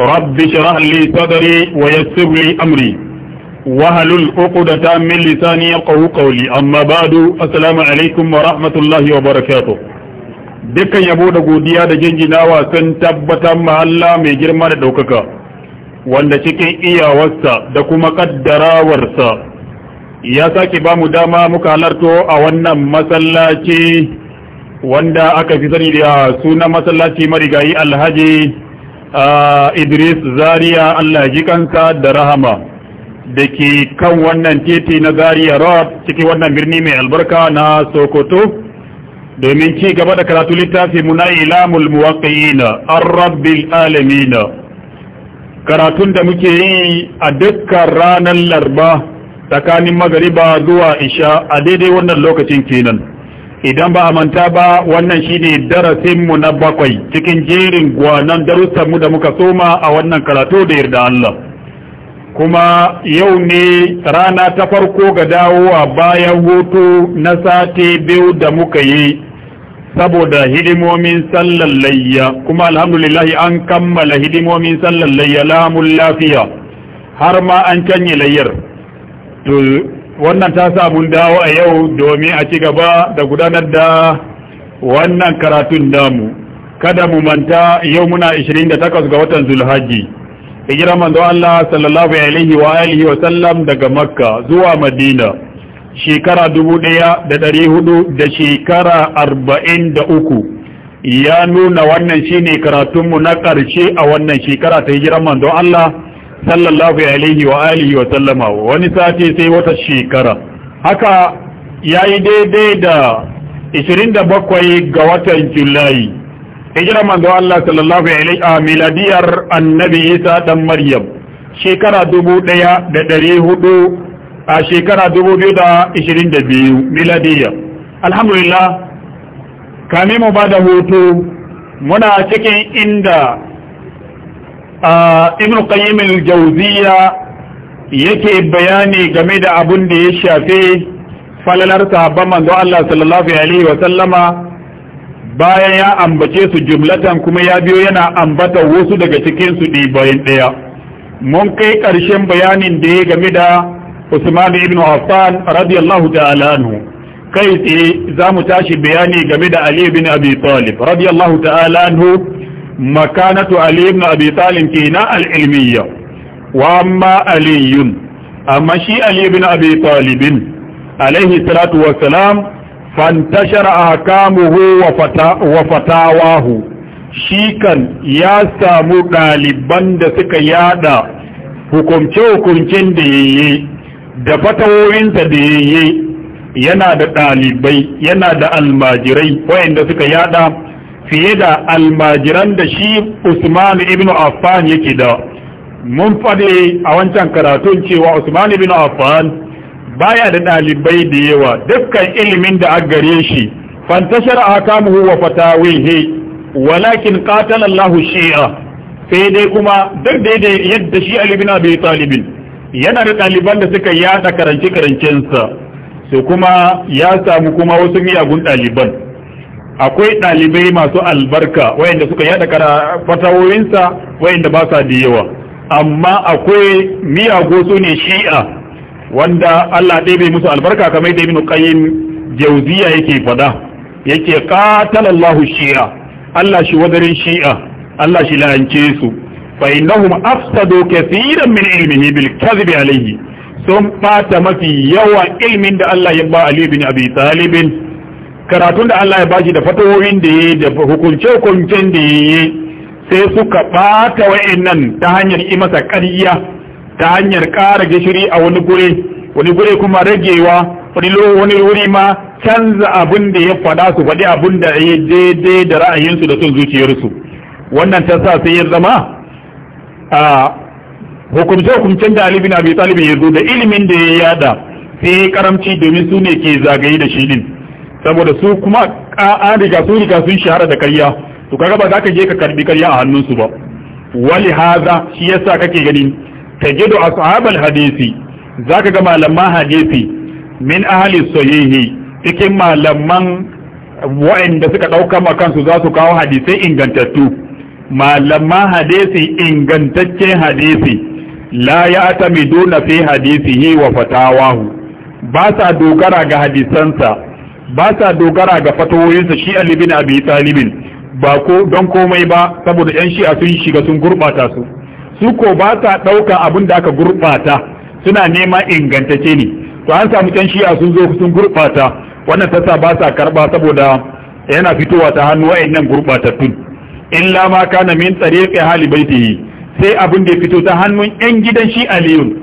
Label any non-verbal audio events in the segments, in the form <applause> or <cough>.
رب شرح لي صدري ويسر لي أمري وهل الأقدة من لساني يقه قولي أما بعد السلام عليكم ورحمة الله وبركاته dukkan yabo da godiya da jinjinawa sun tabbatar ma mai girma da ɗaukaka wanda cikin iyawarsa da kuma ƙaddarawarsa ya sake ba mu dama muka halarto a wannan masallaci wanda aka fi sani da yawa suna masallaci marigayi alhaji Idris Zaria Allah ji kansa da rahama da ke kan wannan titi na Zaria Road ciki wannan birni mai albarka na Sokoto domin ci gaba da karatu littafi muna ilamul muwaqqi'ina ar-rabbil alamin karatun da muke yi a dukkan ranar Larba tsakanin magariba zuwa isha a daidai wannan lokacin kenan idan ba a manta ba wannan shine darasinmu na bakwai cikin jerin gwanan mu da muka soma a wannan karatu da yarda Allah kuma yau ne rana ta farko ga dawo a bayan hoto na sati biyu da muka yi saboda hidimomin sallar layya kuma alhamdulillahi an kammala hidimomin sallar layya lamun lafiya har ma an canye layyar wannan ta sa mun dawo a yau domin a ci gaba da gudanar da wannan karatun damu kada mu manta yau muna 28 ga watan zulhaji hijira manzo Allah sallallahu alaihi wa alihi wa sallam daga makka zuwa madina shekara 1400 da shekara 43 ya nuna wannan shine karatunmu na ƙarshe a wannan shekara ta hijira manzo Allah sallallahu alaihi wa alihi wa sallama wani sati sai wata shekara haka yayi daidai da 27 ga watan Julai hijira manzo Allah sallallahu alaihi a miladiyar annabi Isa dan Maryam shekara 1400 a shekara 2022 miladiyya alhamdulillah kame mu bada hoto muna cikin inda ibn qayyim al-jawziya yake bayani game da abun da ya shafe falalar sahabban manzo Allah sallallahu alaihi wa sallama bayan ya ambace su jumlatan kuma ya biyo yana ambata wasu daga cikin su bayan daya mun kai karshen bayanin da ya game da Usman ibn Affan radiyallahu ta'ala anhu kai tsaye za mu tashi bayani game da Ali ibn Abi Talib radiyallahu ta'ala anhu makanatu ali ibn abi talib kenan al-ilmiyya wa amma amma shi ali ibn abi talib alaihi salatu wassalam fantashara ahkamuhu wa wa fatawahu shi kan ya samu ɗaliban da suka yaɗa hukumce-hukumcen da yayi da fatawoyinsa da yayi yana da ɗalibai, yana da almajirai wayanda suka yaɗa. fiye da almajiran da shi Usman ibn Affan yake da mun faɗi a wancan karatun cewa Usman ibn Affan baya da ɗalibai da yawa dukkan ilimin da aka gare shi fantashar akamuhu wa fatawihi walakin qatala Allah shi'a sai dai kuma duk da yadda shi Ali ibn Abi Talib yana da ɗaliban da suka yada karance karancensa sai kuma ya samu kuma wasu miyagun ɗaliban akwai ɗalibai masu albarka wayanda suka yada kara fatawoyinsa wayanda ba sa da yawa amma akwai miyago su ne shi'a wanda Allah ɗaya bai musu albarka kamar da ibn qayyim jawziya yake fada yake qatala Allahu shi'a Allah shi wadarin shi'a Allah shi la'ance su fa innahum afsadu kaseeran min ilmihi bil kadhibi alayhi sun bata mafi yawa ilmin da Allah ya ba Ali bin Abi Talib karatun da Allah ya bashi da fatawoyin da yayi da hukunce hukuncen da yayi sai suka bata wa'annan ta hanyar yi masa ƙarya ta hanyar ƙara gishiri a wani gure wani gure kuma ragewa wani wani wuri ma canza abin da ya faɗa su faɗi abin da ya daidai da ra'ayinsu da son zuciyarsu wannan ta sa sai ya zama a hukumce hukuncen da Ali bin Abi Talib ya zo da ilimin da ya yada sai karamci domin su ne ke zagaye da shi din saboda su kuma an riga sun riga sun shahara da karya to kaga ba za ka je ka karbi karya a hannunsu ba wali haza shi yasa kake gani tajidu ashabal hadisi zaka ga malaman hadisi min ahli sahihi cikin malaman wa'anda suka ɗauka ma kansu za su kawo hadisai ingantattu malaman hadisi ingantaccen hadisi la ya na fi hadisihi wa fatawahu ba sa dogara ga hadisansa ba sa dogara ga fatawoyinsa shi Ali Abi Talibin ba ko don komai ba saboda yan shi'a sun shiga sun gurbata su su ko ba sa dauka abin da aka gurbata suna nema ingantacce ne to an samu yan shi'a sun zo sun gurbata wannan tasa ba sa karba saboda yana fitowa ta hannu wayannan gurbatattun illa ma kana min tariqi hali baitihi sai abin da ya fito ta hannun yan gidan shi liyun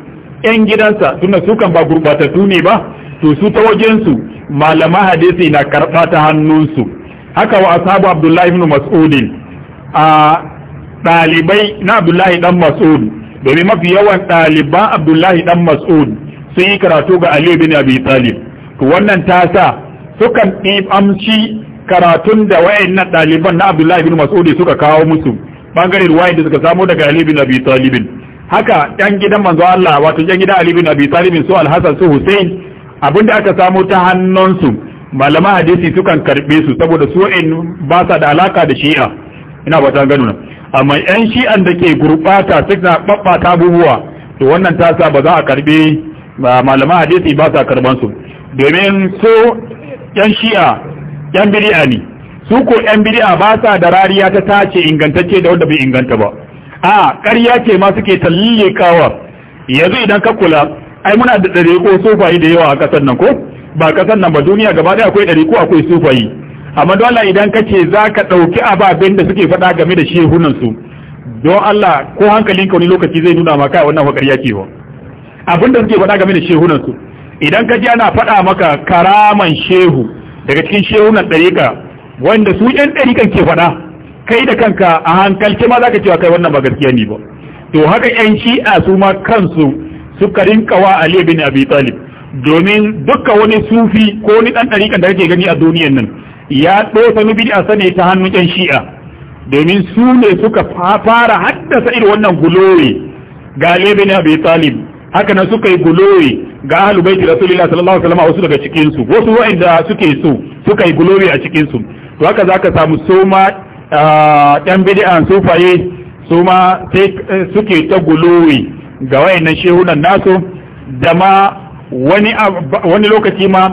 yan gidansa suna su kan ba gurbatattu ne ba to su ta wajensu malama hadisi na karɓa ta hannunsu haka wa asabu abdullahi ibn mas'udin a dalibai na abdullahi dan mas'ud domin mafi yawan ɗaliban abdullahi dan mas'ud sun yi karatu ga Ali bin abi talib to wannan ta sa sukan amci karatun da wayannan daliban na abdullahi ibn mas'ud suka kawo musu bangaren ruwayi da suka samo daga ali bin abi talib haka dan gidan manzo Allah wato dan gidan ali bin abi talib su al-hasan su hussein abinda aka samu ta hannunsu malama hadisi sukan karbe su saboda su in ba sa da alaka da shi'a ina ba ta gano amma yan shi'an da ke gurbata suna babbata abubuwa to wannan ta sa ba za a karbe malama hadisi ba sa karban su domin so yan shi'a yan bid'a ne su ko yan bid'a ba sa da rariya ta tace ingantacce da wanda bai inganta ba a ƙarya ce ma suke tallikawa yanzu idan ka kula ai muna da ko sufayi da yawa a ƙasar nan ko ba ƙasar nan ba duniya gaba ɗaya akwai ko akwai sufayi amma don Allah idan kace za ka ɗauki ababen da suke faɗa game da shehunan su don Allah ko hankalin ka wani lokaci zai nuna maka wannan wakar ya kewa abin da suke faɗa game da shehunan su idan ka ana faɗa maka karaman shehu daga cikin shehunan ka wanda su ƴan kan ke faɗa kai da kanka a hankalce ma za ka cewa kai wannan ba gaskiya ne ba to haka ƴan shi'a su ma kansu suka rinka wa Ali bin Abi Talib domin dukkan wani sufi ko wani dan dariƙan da kake gani a duniyar nan ya ɗosa ni bid'a sane ta hannun ƴan shi'a domin su ne suka fara haddasa irin wannan gulowe ga Ali bin Abi Talib haka nan suka yi gulowe ga ahlu baiti Rasulullahi sallallahu alaihi wasallam wasu daga cikin su wasu wa'anda suke so suka yi a cikin su to haka zaka samu soma ɗan ah, bid'a sufaye su ma eh, suke ta gulowi. ga wayannan shehunan nasu da ma wani wani lokaci ma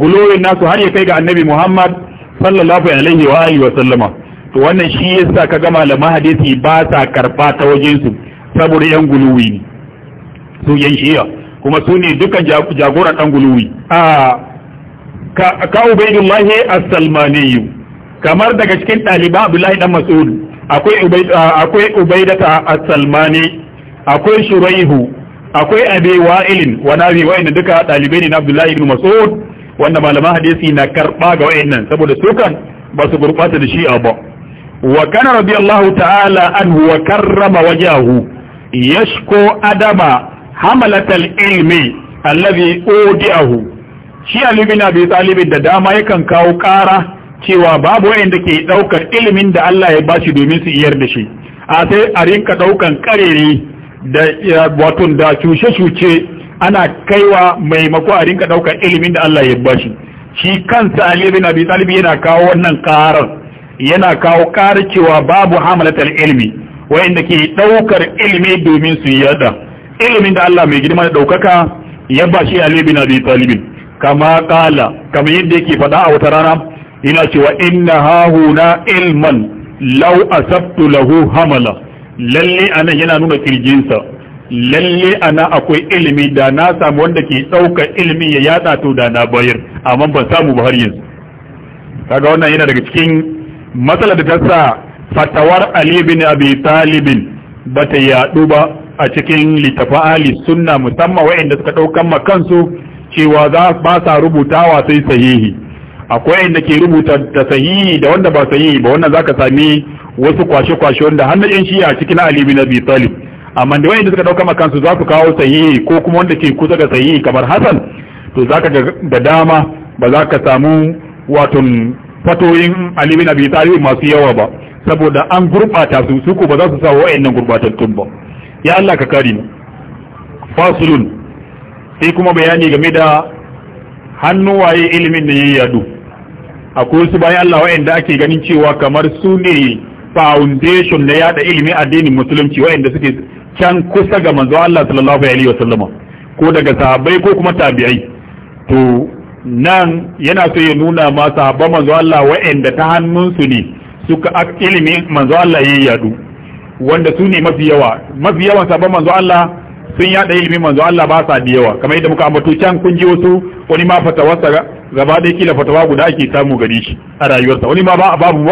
guloyin nasu har ya kai ga annabi Muhammad sallallahu alaihi wa alihi wa sallama to wannan shi yasa ka malama hadisi ba sa karba ta wajen su saboda yan guluwi ne su yan ya kuma su ne dukkan jagoran dan guluwi a ka ka ubaidullah as-salmani kamar daga cikin ɗaliban abdullahi dan mas'ud akwai akwai ubaidata as-salmani akwai shuraihu akwai abi wa'ilin wani nabi wa'in duka ɗalibai ne na abdullahi ibn mas'ud wanda malaman hadisi na karba ga nan saboda su kan ba su gurbata da shi ba wa kana ta'ala anhu wa karrama wajahu yashko adama hamalatal ilmi alladhi udiahu shi ali bin abi da dama yakan kawo kara cewa babu wa'inda ke ɗaukar ilimin da Allah ya bashi domin su iyar da shi a sai a rinka ɗaukan karere da wato da cuce-cuce ana kaiwa maimako a rinka ɗaukar ilimin da Allah ya bashi shi kansa Ali bin Abi Talib yana kawo wannan karar yana kawo karar cewa babu hamalatul ilmi wayanda ke daukar ilimi domin su yada ilimin da Allah mai girma da daukaka ya bashi Ali bin Abi Talib kama kala kamar yadda yake faɗa a wata rana yana cewa inna hahuna ilman law asabtu lahu hamala lalle anan yana nuna kirjinsa lalle ana akwai ilimi da na samu wanda ke ɗaukar ilimi ya yada to da na bayar amma ban samu ba har yanzu kaga wannan yana daga cikin matsalar da ta sa fatawar Ali bin Abi Talib ba ta yadu ba a cikin litafa Ali sunna musamman waɗanda suka ɗaukan ma kansu cewa za ba sa rubutawa sai sahihi akwai inda ke rubuta da sahihi da wanda ba sahihi ba wannan zaka sami wasu kwashe-kwashe wanda har na yan shi'a cikin Ali bin Abi Talib amma da wanda suka dauka makansu za su kawo sahihi ko kuma wanda ke kusa da sahihi kamar Hassan to zaka ga da dama ba za ka samu waton fatoyin Ali bin Abi Talib masu yawa ba saboda an gurbata su su ko ba za su sa wa'annan gurbatattun ba ya Allah ka kare mu fasulun sai kuma bayani game da hannuwaye ilimin da yayi yadu akwai su bayan Allah wa'anda ake ganin cewa kamar su ne foundation na yada ilimin addinin musulunci wa'anda suke can kusa ga manzo Allah sallallahu alaihi wa sallama ko daga sahabbai ko kuma tabi'ai to nan yana so ya nuna ma sahabba manzo Allah waɗanda ta hannunsu ne suka ilimin manzo Allah ya yadu wanda su ne mafi yawa mafi yawan sahabban manzo Allah sun yada ilimin manzo Allah ba sa da yawa kamar yadda muka ambato can kun ji wasu wani ma fatawarsa gaba ɗaya kila fatawa guda ake samu gani shi a rayuwarsa wani ma ba babu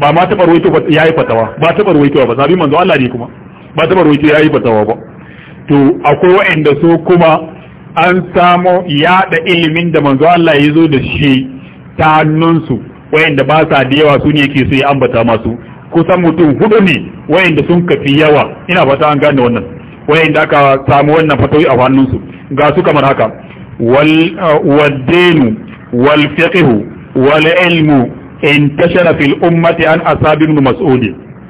ba ma taɓa ruwaito ya yi fatawa ba taɓa ruwaito ba sabi manzo Allah ne kuma ba taɓa ruwaito ya yi fatawa ba to akwai waɗanda so kuma an samo yada ilimin da manzo Allah ya zo da shi ta hannunsu waɗanda ba sa da yawa su ne ke so ya ambata masu kusan mutum hudu ne wayanda sun kafi yawa ina fata an gane wannan wayanda aka samu wannan fatawi a hannunsu ga su kamar haka wal uh, dinu wal fiqh wal fil ummati an asab ibn mas'ud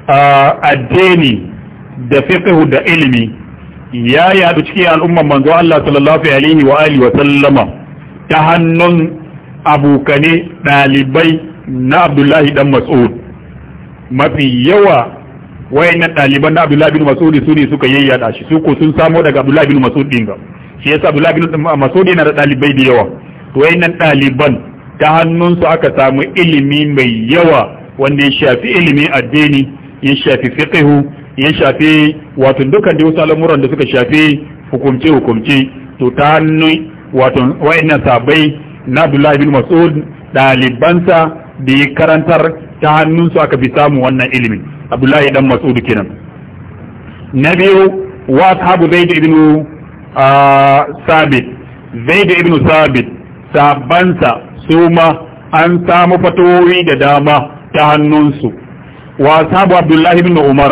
uh, addini da fiqh da ilimi ya yadu cikin al'umman manzo Allah sallallahu alaihi wa alihi wa sallama ta hannun abukane dalibai na Abdullahi dan Mas'ud mafi yawa wayannan ɗaliban na Abdullahi bin Mas'ud su ne suka yayyada shi su ko sun samo daga Abdullahi bin Mas'ud din ga shi yasa Abdullahi bin Mas'ud yana da ɗalibai da yawa to wayannan ɗaliban ta hannunsu aka samu ilimi mai yawa wanda ya shafi ilimi addini ya shafi fiqhu ya shafi wato dukkan da wasu al'amuran da suka shafi hukumce hukumce to ta hannun wato wayannan sabai na Abdullahi bin Mas'ud ɗalibansa da ya karantar ta hannunsu aka fi samu wannan ilimin abdullahi dan mas'ud kenan na biyu wa sahabu zaid ibn ah, sabit zaid ibn sabit sabansa su an samu fatowi da dama ta hannunsu wa sahabu abdullahi ibn Umar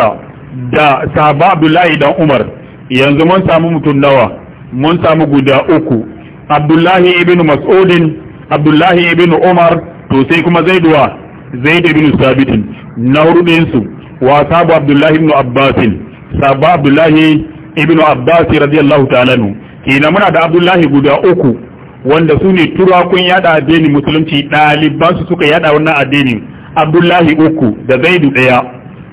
da sahaba abdullahi dan umar yanzu mun samu mutum nawa mun samu guda uku abdullahi ibn mas'udin abdullahi ibn umar to sai kuma zaiduwa zaid ibn sabitin na su. wa sabu abdullahi ibn abbasin sabu abdullahi ibn abbas radiyallahu ta'ala nu kina muna da abdullahi guda uku wanda su ne turakun yada addinin musulunci ɗaliban su suka yada wannan addinin abdullahi uku da zaidu daya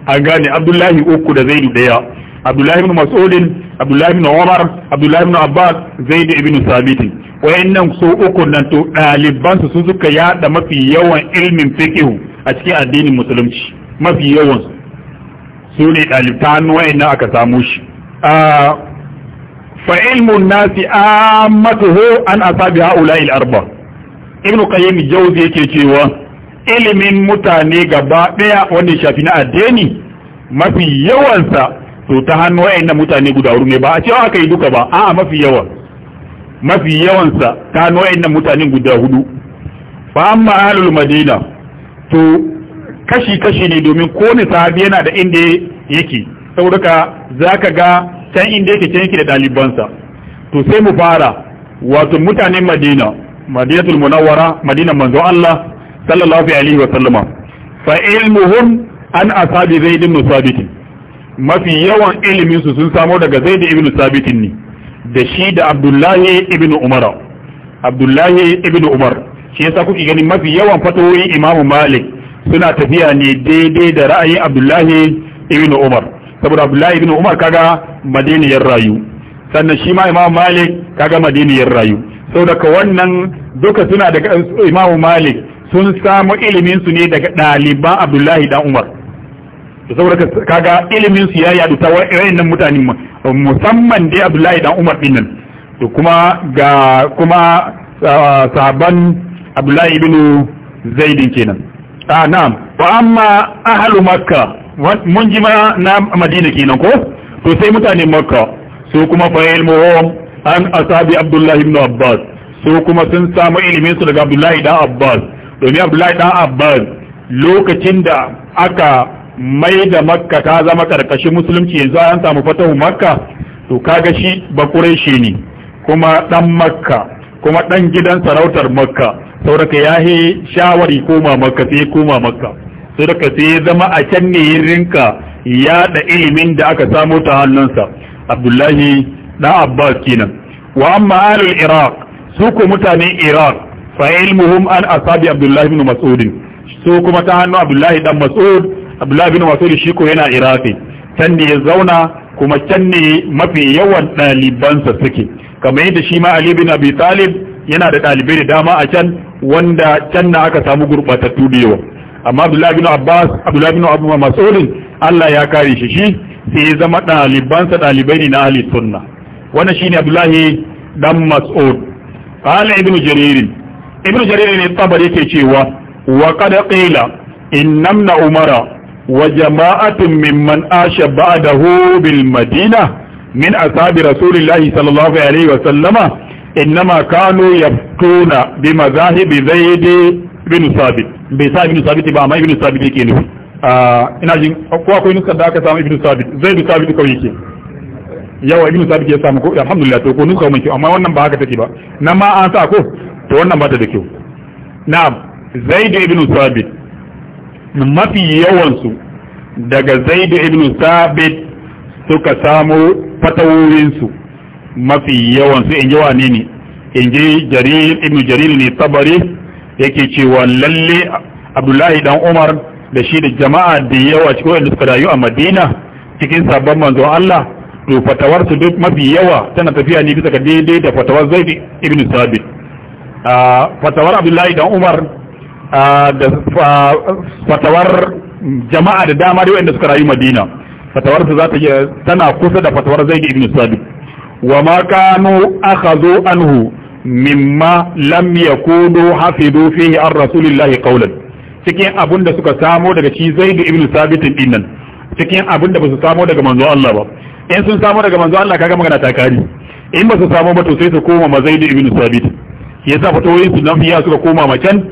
a gane abdullahi uku da zaidu daya abdullahi ibn mas'udin abdullahi ibn umar abdullahi ibn abbas zaid ibn sabit wayannan su uku nan to ɗaliban su suka yada mafi yawan ilmin fiqh a cikin addinin musulunci mafi yawan su su ne ɗalibta hannu na aka samu shi fa ilmun nasi ammatuhu an asabi haula il arba ibn qayyim jawzi yake cewa ilimin mutane gaba daya wanda shafi na addini mafi yawansa to ta hannu na mutane guda hudu ne ba a cewa aka yi duka ba a'a mafi yawan mafi yawansa ta hannu na mutane guda hudu fa amma ahlul madina to kashi-kashi ne domin kowane sahabi yana da inda yake saboda za ka ga can inda yake can yake da ɗalibansa to sai mu fara wato mutanen madina madina munawwara madina manzo Allah sallallahu alaihi wa sallama fa ilmuhum an asabi zaid ibn sabit mafi yawan ilimin su sun samo daga zaid ibn sabit ne da shi da abdullahi ibn Umar abdullahi ibn umar shi yasa kuke ganin mafi yawan fatawoyin imamu malik suna tafiya ne daidai da ra'ayin abdullahi ibn umar saboda abdullahi ibn umar kaga madiniyar rayu sannan shi ma imam malik kaga madiniyar rayu saboda ka wannan duka suna daga imam malik sun samu ilimin su ne daga ɗaliban abdullahi dan umar saboda kaga ilimin su ya yadu ta wayannan mutane musamman dai abdullahi dan umar din nan to kuma ga kuma ah, sahaban abdullahi ibn zaidin kenan a ah, na'am ba amma ahalu makka mun ji ma na madina kenan ko to sai mutane makka su kuma fa ilmuhum an asabi abdullahi ibn abbas su kuma sun samu ilimin su daga abdullahi dan abbas domin abdullahi dan abbas lokacin da aka mai da makka ta zama karkashin musulunci yanzu an samu fatahu makka to kaga shi bakurai ne kuma dan makka kuma dan gidan sarautar makka sauraka ya he shawari koma makka sai koma makka sauraka sai ya zama a can ne ya rinka yaɗa ilimin da aka samo ta hannunsa abdullahi da abbas kenan wa amma alul iraq su ko mutanen iraq fa ilmuhum an asabi abdullahi ibn mas'ud su kuma ta hannu abdullahi dan mas'ud abdullahi ibn mas'ud shi ko yana iraqi can ne ya zauna kuma can ne mafi yawan ɗalibansa suke kamar yadda shi ma ali bin abi talib yana da ɗalibai da dama a can wanda can na aka samu gurbatattu da yawa amma abdullahi bin abbas abdullahi bin abu mas'olin Allah ya kare shi shi sai zama ɗalibansa ɗalibai ne na ahli sunna wannan shine abdullahi dan mas'ud qala ibnu jarir ibnu jarir ne tabari yake cewa wa qad qila innamna umara wa jama'atun mimman asha ba'dahu bil madina min ashabi rasulillahi sallallahu alaihi wa sallama innama kanu yabtuna bi mazahibi zaid bin sabit bai sa ibn sabit ba amma ibn sabit yake nufi ina jin ko akwai nuskar da aka samu ibn sabit zaid bin sabit kawai yake yawa ibn sabit ya samu ko alhamdulillah to ko nuskar mun amma wannan ba haka take ba nan ma an sa ko to wannan ba ta da kyau na'am zaid ibn sabit mafi yawansu daga zaid ibn sabit suka samu fatawoyinsu mafi yawan su in ji wane ne in ji jarir ibn jarir ne tabari yake cewa lalle abdullahi dan umar da shi da jama'a da yawa cikin wanda suka rayu a madina cikin sabon manzon allah to fatawar su duk mafi yawa tana tafiya ne bisa ga daidai da fatawar zaid ibn sabit fatawar abdullahi dan umar da fatawar jama'a da dama da wanda suka rayu madina fatawar su za ta tana kusa da fatawar zaid ibn sabit wa ma kanu akhadhu anhu mimma lam yakunu hafidu fihi an rasulillahi qawlan cikin abun da suka samo daga shi zaid ibn sabit din nan cikin abun da basu samo daga manzo Allah ba in sun samo daga manzo Allah kaga magana ta kare in ba su samo ba to sai su koma ma zaid ibn sabit yasa fatoyin su nan ya suka koma ma can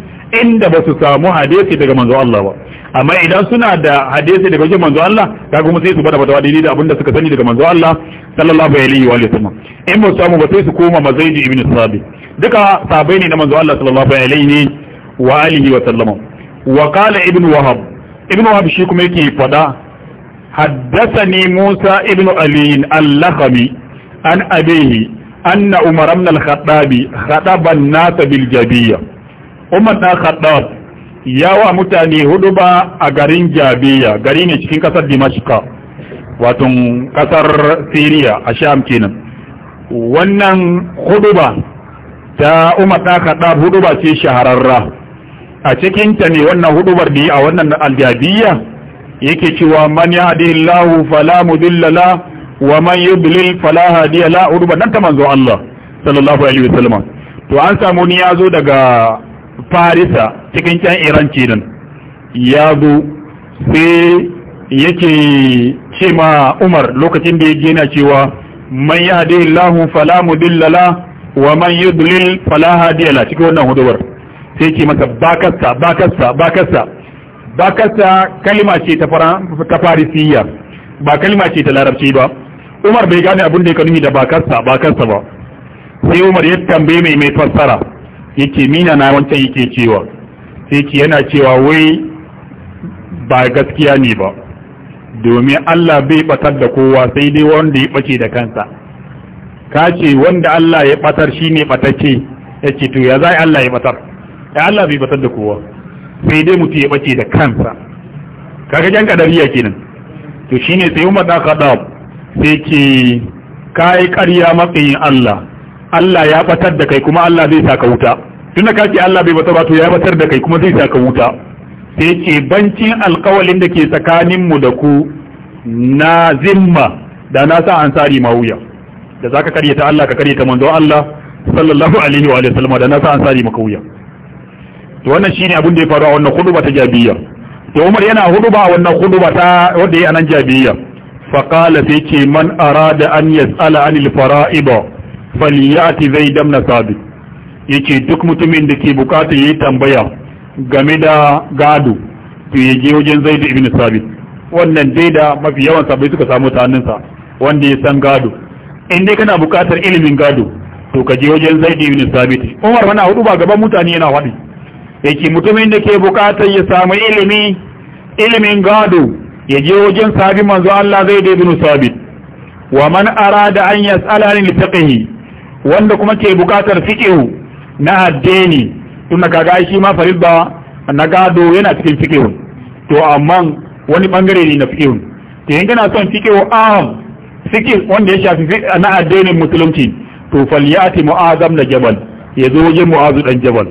inda ba su samu hadisi daga manzo Allah ba amma idan suna da hadisi daga wajen manzo Allah kaga kuma sai su bada fatawa daidai da abin da suka sani daga manzo Allah sallallahu alaihi wa sallam in ba samu ba sai su koma mazaid ibn sabi duka sabai ne na manzo Allah sallallahu alaihi wa alihi wa sallam wa qala ibn wahab ibn wahab shi kuma yake fada حدثني موسى ابن علي اللخمي عن أبيه أن عمر بن الخطاب خطب الناس بالجبية عمر بن الخطاب yawa mutane hudu ba a garin jabiya gari ne cikin kasar dimashika wato kasar siriya a sham kenan wannan ba ta umar ɗaka ba ce shahararra a cikinta ne wannan hudubar da a wannan aljabiya yake cewa man ya haɗe lahu fala mudillala wa man bilil fala hadiya la huduba nan ta manzo Allah sallallahu alaihi wasallam to an samu ni ya zo daga farisa cikin can iran kenan ya zo sai yake ce ma umar lokacin da ya gina cewa man yahdihillahu fala falamu dillala wa man yi fala falaha la cikin wannan hudubar sai ce masa bakasta bakasta bakasta bakasta kalima ce ta farisiyya ba kalima ce ta larabci ba umar bai gane abin da ya yi da bakasta bakasta ba sai umar ya tambaye mai mai fassara yake mina na wancan yake cewa sai ce yana cewa wai ba gaskiya ne ba domin Allah bai batar da kowa sai dai wanda ya bace da kansa ka ce wanda Allah ya batar shi ne batacce yace to ya zai Allah ya batar ya Allah bai batar da kowa sai dai mutu ya bace da kansa kaga jan kadariya kenan to shine sai Umar da Khattab sai ce kai ƙarya matsayin Allah Allah ya batar da kai kuma Allah zai saka wuta tunda ka ce Allah bai bata ba to ya batar da kai kuma zai saka wuta sai ce bancin alkawalin da ke tsakaninmu da ku na zimma da na sa ansari mawuya da za ka karyata Allah ka karyata manzo Allah sallallahu alaihi wa sallam da na sa ansari makawuya to wannan shine abin da ya faru a wannan huduba ta jabiya, to Umar yana huduba a wannan huduba ta wanda yayi anan jabiyya fa qala sai ce man arada an yas'ala anil fara'id ya falyati zaid ibn sabit yace duk mutumin da ke bukata yi tambaya game da gado to ya je wajen zai zaid ibn sabit wannan dai da mafi yawan sabai suka samu ta hannunsa wanda ya san gado in dai kana bukatar ilimin gado to ka je wajen zai zaid ibn sabit umar mana hudu ba gaban mutane yana wadi yake mutumin da ke bukatar ya samu ilimi ilimin gado ya je wajen sabi manzo Allah zaid ibn sabit wa man arada an yas'ala an lifiqhi wanda kuma ke bukatar fikihu na addini tunda kaga shi ma faridda na gado yana cikin fikihu to amma wani bangare ne na fikihu to yanga na son fikihu am fikin wanda ya shafi na addinin musulunci to falyati mu'azam da jabal ya zo wajen mu'azu dan jabal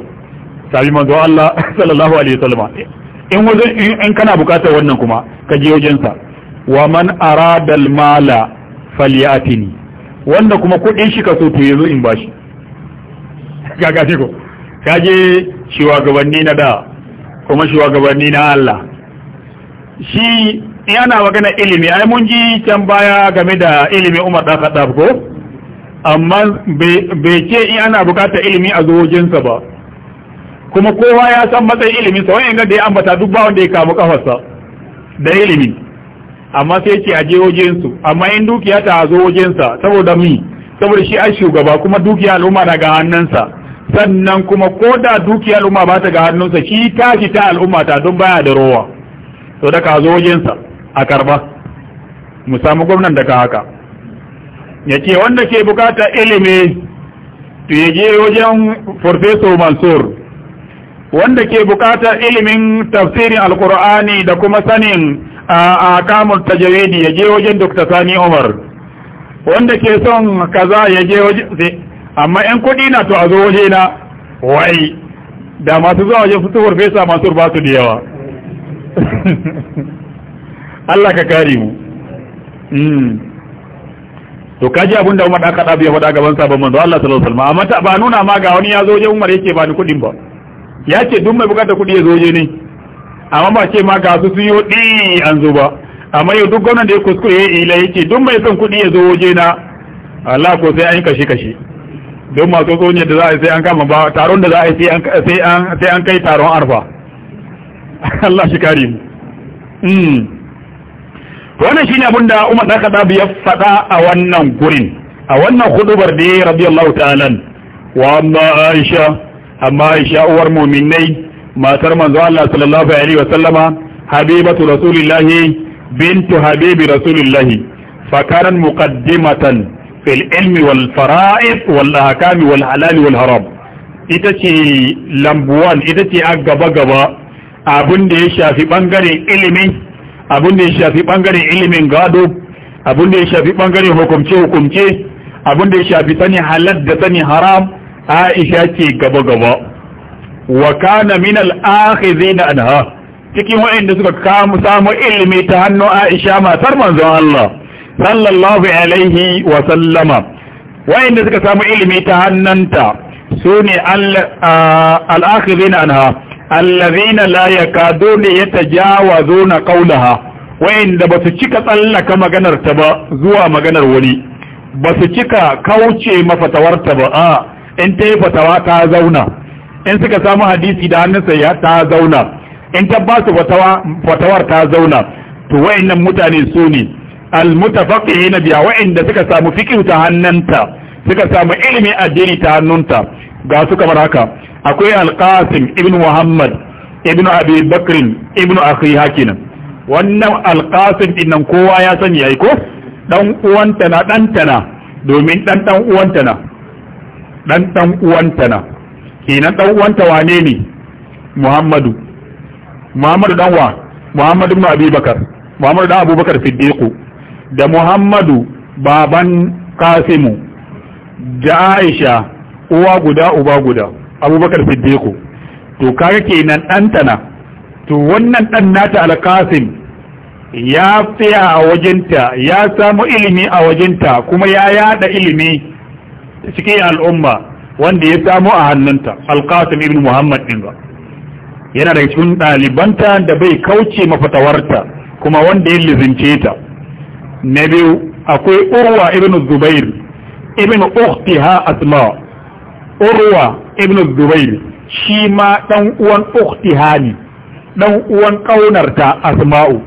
sabi manzo Allah <laughs> sallallahu alaihi wasallam in wajen in kana bukatar wannan kuma ka je wajen sa wa man arada al mala falyatini wanda kuma kuɗin shi ka so to yazo in bashi ga ce ko shiwa gabanni na da kuma gabanni na Allah shi yana magana ilimi ai mun ji can baya game da ilimi Umar da kada ko amma bai ce in ana bukatar ilimi a zo wajensa ba kuma kowa ya san matsayin ilimin sa wani ga da ya ambata duk ba wanda ya kamu kafarsa da ilimi amma sai ce a je wajen su amma in dukiya ta zo wajen sa saboda mi saboda shi ai shugaba kuma dukiya al'umma na ga hannunsa sannan kuma ko da dukiya al'umma ba ta ga hannunsa shi ta shi ta al'umma ta don baya da rowa to da ka zo wajen sa a karba mu samu gwamnan daga haka yace wanda ke bukata ilimi to ya je wajen Professor Mansur wanda ke bukata ilimin tafsirin alkur'ani da kuma sanin a kamar tajawidi ya je wajen Dokta sani umar wanda ke son kaza ya je wajen amma yan kudi na to a zo waje na wai da masu zuwa wajen fitowar fesa masu ba su da yawa <laughs> Allah ka kare mu hmm. to kaji abin da Umar aka dabi ya faɗa gaban sabon manzo Allah sallallahu alaihi wasallam amma ta ba nuna ma ga wani ya zo wajen Umar yake ba ni kudin ba ya ce duk mai bukata kuɗi ya zo waje ne amma ba ce ma ga su sun yi ɗi an zo ba amma yau duk gwamnan da ya kuskure ya ila ce duk mai son kuɗi ya zo waje na Allah ko sai an yi kashe kashe don masu tsoniyar da za a yi sai an kama ba taron da za a yi sai an kai taron arfa <laughs> Allah shi kare mu hmm. wannan shine abin da Umar dan Khattab ya faɗa a wannan gurin a wannan hudubar da ya yi radiyallahu ta'ala wa amma Aisha amma Aisha uwar mu'minai matar manzo Allah sallallahu alaihi wa sallama habibatu rasulillahi bintu habibi rasulillahi fakaran muqaddimatan fil ilmi wal fara'id wal ahkam wal halal wal haram ita ce lambuwan ita ce a gaba gaba abin da ya shafi bangaren ilimi abin da ya shafi bangaren ilimin gado abin da ya shafi bangaren hukumce hukumce abin da ya shafi sani halal da sani haram Aisha ce gaba gaba wa kana min al-akhizina anha cikin waɗanda suka kamu samu ilimi ta hannu Aisha matar manzon Allah sallallahu alaihi wa sallama suka samu ilimi ta hannanta sune al-akhizina anha allazina la yakaduna yatajawazuna qawlaha waɗanda ba su cika tsallaka maganar ta ba zuwa maganar wani ba su cika kauce mafatawarta ba a in ta yi fatawa ta zauna in suka samu hadisi da hannunsa ya ta zauna in ta fatawar ta zauna to wa'annan mutane su ne almutafaqihina biya wa'anda suka samu fiqh ta hannunta suka samu ilimi addini ta hannunta ga su kamar haka akwai alqasim ibn muhammad ibn abi bakr ibn akhi hakinan wannan alqasim din nan kowa ya sani yayi ko dan uwanta na dan tana domin dan dan uwanta na dan dan uwanta na kenan dan uwanta wane ne muhammadu muhammadu dan wa muhammadu ibn abubakar muhammadu dan abubakar siddiqu da muhammadu baban kasimu da aisha uwa guda uba guda abubakar siddiqu to kaga kenan ɗanta na to wannan ɗan nata alkasim ya tsaya a wajenta ya samu ilimi a wajenta kuma ya yada ilimi cikin al'umma wanda ya samu a hannunta alqasim ibn muhammad din ba yana da cikin ɗalibanta da bai kauce mafatawarta kuma wanda ya lizince ta na biyu akwai urwa ibn zubair ibn ukhtiha asma urwa ibn zubair shi ma dan uwan ukhtiha ne dan uwan kaunarta asma'u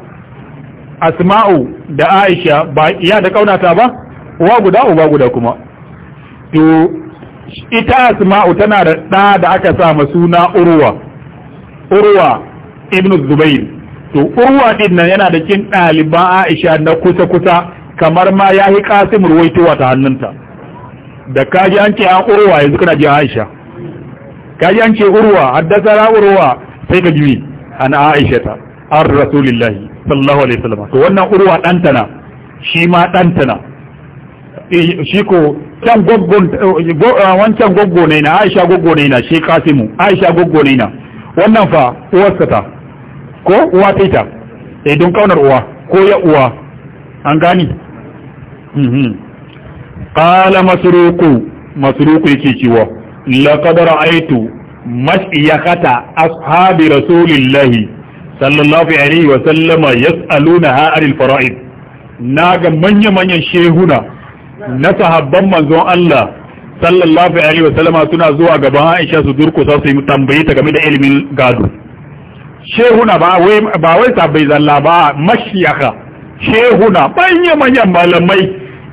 asma'u da aisha ba iya da kaunata ba uwa guda uba guda kuma to ita asma'u tana da ɗa da aka sa ma suna urwa urwa ibn zubair to urwa din nan yana da kin ɗaliban aisha na kusa kusa kamar ma ya yi kasim ruwaitowa ta hannunta da kaji an ce an urwa yanzu kana ji aisha kaji an ce urwa haddasa urwa sai ka ji an aisha ta an rasulillahi sallallahu alaihi wasallam to wannan urwa ɗantana shi ma ɗantana eh, shi ko can uh, wancan goggo ne na aisha goggo ne na shi kasimu aisha goggo ne na wannan fa uwarsa ta ko uwa ta ita eh don kaunar uwa ko ya uwa an gani mhm. qala masruku masruku yake cewa laqad ra'aytu mashiyakata ashabi rasulillahi sallallahu alaihi wa sallama yas'alunaha anil fara'id naga manya manyan shehuna na sahabban manzon Allah sallallahu alaihi wasallama suna zuwa gaban Aisha su durkusa su yi tambaye ta game da ilimin gado shehuna ba wai ba wai sabai zalla ba mashiyaka shehuna manya manyan malamai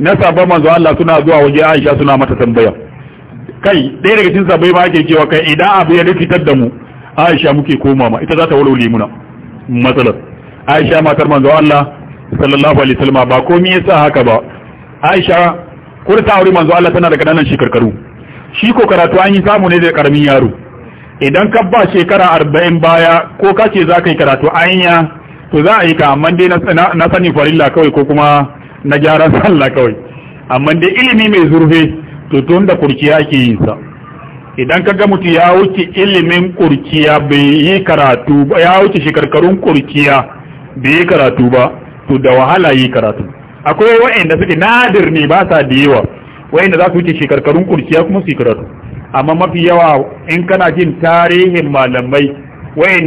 na sahabban manzon Allah suna zuwa waje Aisha suna mata tambaya kai ɗaya daga cikin sabai ba ake cewa kai idan abu ya rikitar da mu Aisha muke koma ma ita za ta walwale muna matsalar Aisha matar manzon Allah sallallahu alaihi wasallam ba komai yasa haka ba aisha ko da ta aure manzo Allah tana da kananan shekarkaru shi ko karatu an yi samu ne da karamin yaro idan ka ba shekara arba'in baya ko ka ce za ka yi karatu anya to za a yi ka amma dai na sani farilla kawai ko kuma na gyara <laughs> sallah kawai amma dai ilimi mai zurfe to tun da kurciya ake yin sa idan ka ga mutum ya wuce ilimin kurciya bai yi karatu ya wuce shekarkarun kurciya bai yi karatu ba to da wahala yi karatu akwai da suke nadir ne ba sa da yawa da za su wuce shekarkarun kurciya kuma su karatu amma mafi yawa in kana jin tarihin malamai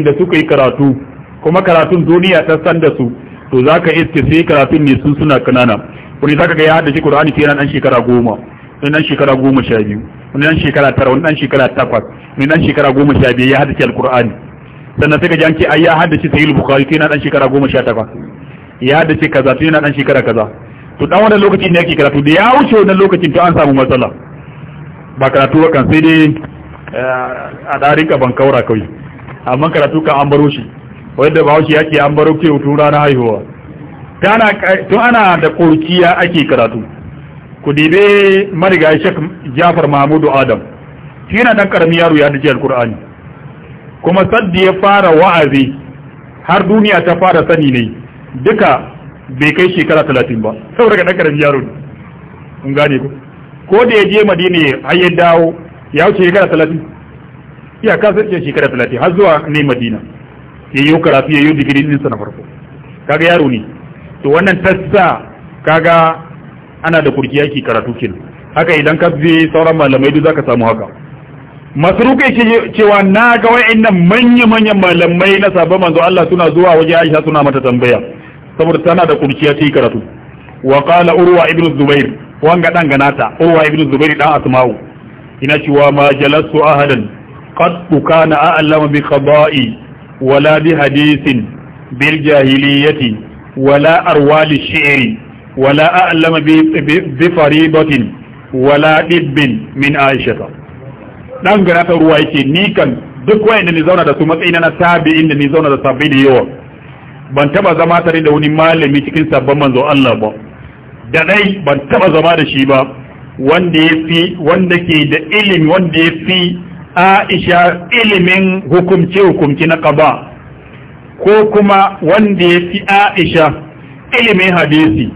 da suka yi karatu kuma karatun duniya ta san da su to za ka iske sai karatun ne su suna kanana wani za ka ga ya haddace kur'ani sai nan shekara goma wani ɗan shekara goma sha biyu wani ɗan shekara tara wani ɗan shekara takwas wani ɗan shekara goma sha biyu ya haddace alqur'ani sannan sai ka ji an ce ai ya haddace sahih bukhari sai nan ɗan shekara goma sha takwas ya ce kaza tun yana dan shekara kaza to dan wannan lokaci ne yake karatu da ya wuce wannan lokacin to an samu matsala ba karatu ba kan sai dai eh, a dari ka ban kaura kawai amma karatu kan an baro shi wanda ba shi yake an baro ke tun rana haihuwa tana to ana da kurciya ake karatu ku dibe mariga shek Jafar Mahmudu Adam shi yana dan karamin yaro ya dace alqur'ani kuma saddi ya fara wa'azi har duniya ta fara sani ne duka bai kai shekara talatin ba saboda ga ɗan yaro ne in gane ku ko da ya je madina ya ya dawo ya wuce shekara talatin ya ka sai shekara talatin har zuwa ne madina ya yi karatu ya yi digiri ɗinsa na farko kaga yaro ne to wannan tassa kaga ana da kurkiya yaki karatu kenan haka idan ka je sauran malamai duk zaka samu haka masruka yake cewa na ga wa'annan manya manyan malamai na sabon manzo Allah suna zuwa waje Aisha suna mata tambaya saboda tana da kurciya ta yi karatu wa qala urwa ibn zubair wanga dan ganata urwa ibn zubair dan asma'u ina cewa ma jalastu ahadan qad kana a'lamu bi qada'i wala bi hadithin bil jahiliyyati wala arwali shi'ri wala a'lamu bi faridatin wala dibbin min aisha dan ganata ruwa yake ni kan duk wayanda ni zauna da su matsayina na tabi'in da ni zauna da sabbi da yawa ban taba zama tare da wani malami cikin sabon manzo Allah ba da dai ban taba zama da shi ba wanda ya fi wanda ke da ilimi wanda ya fi Aisha ilimin hukumce hukumci na kaba, ko kuma wanda ya fi Aisha ilimin hadisi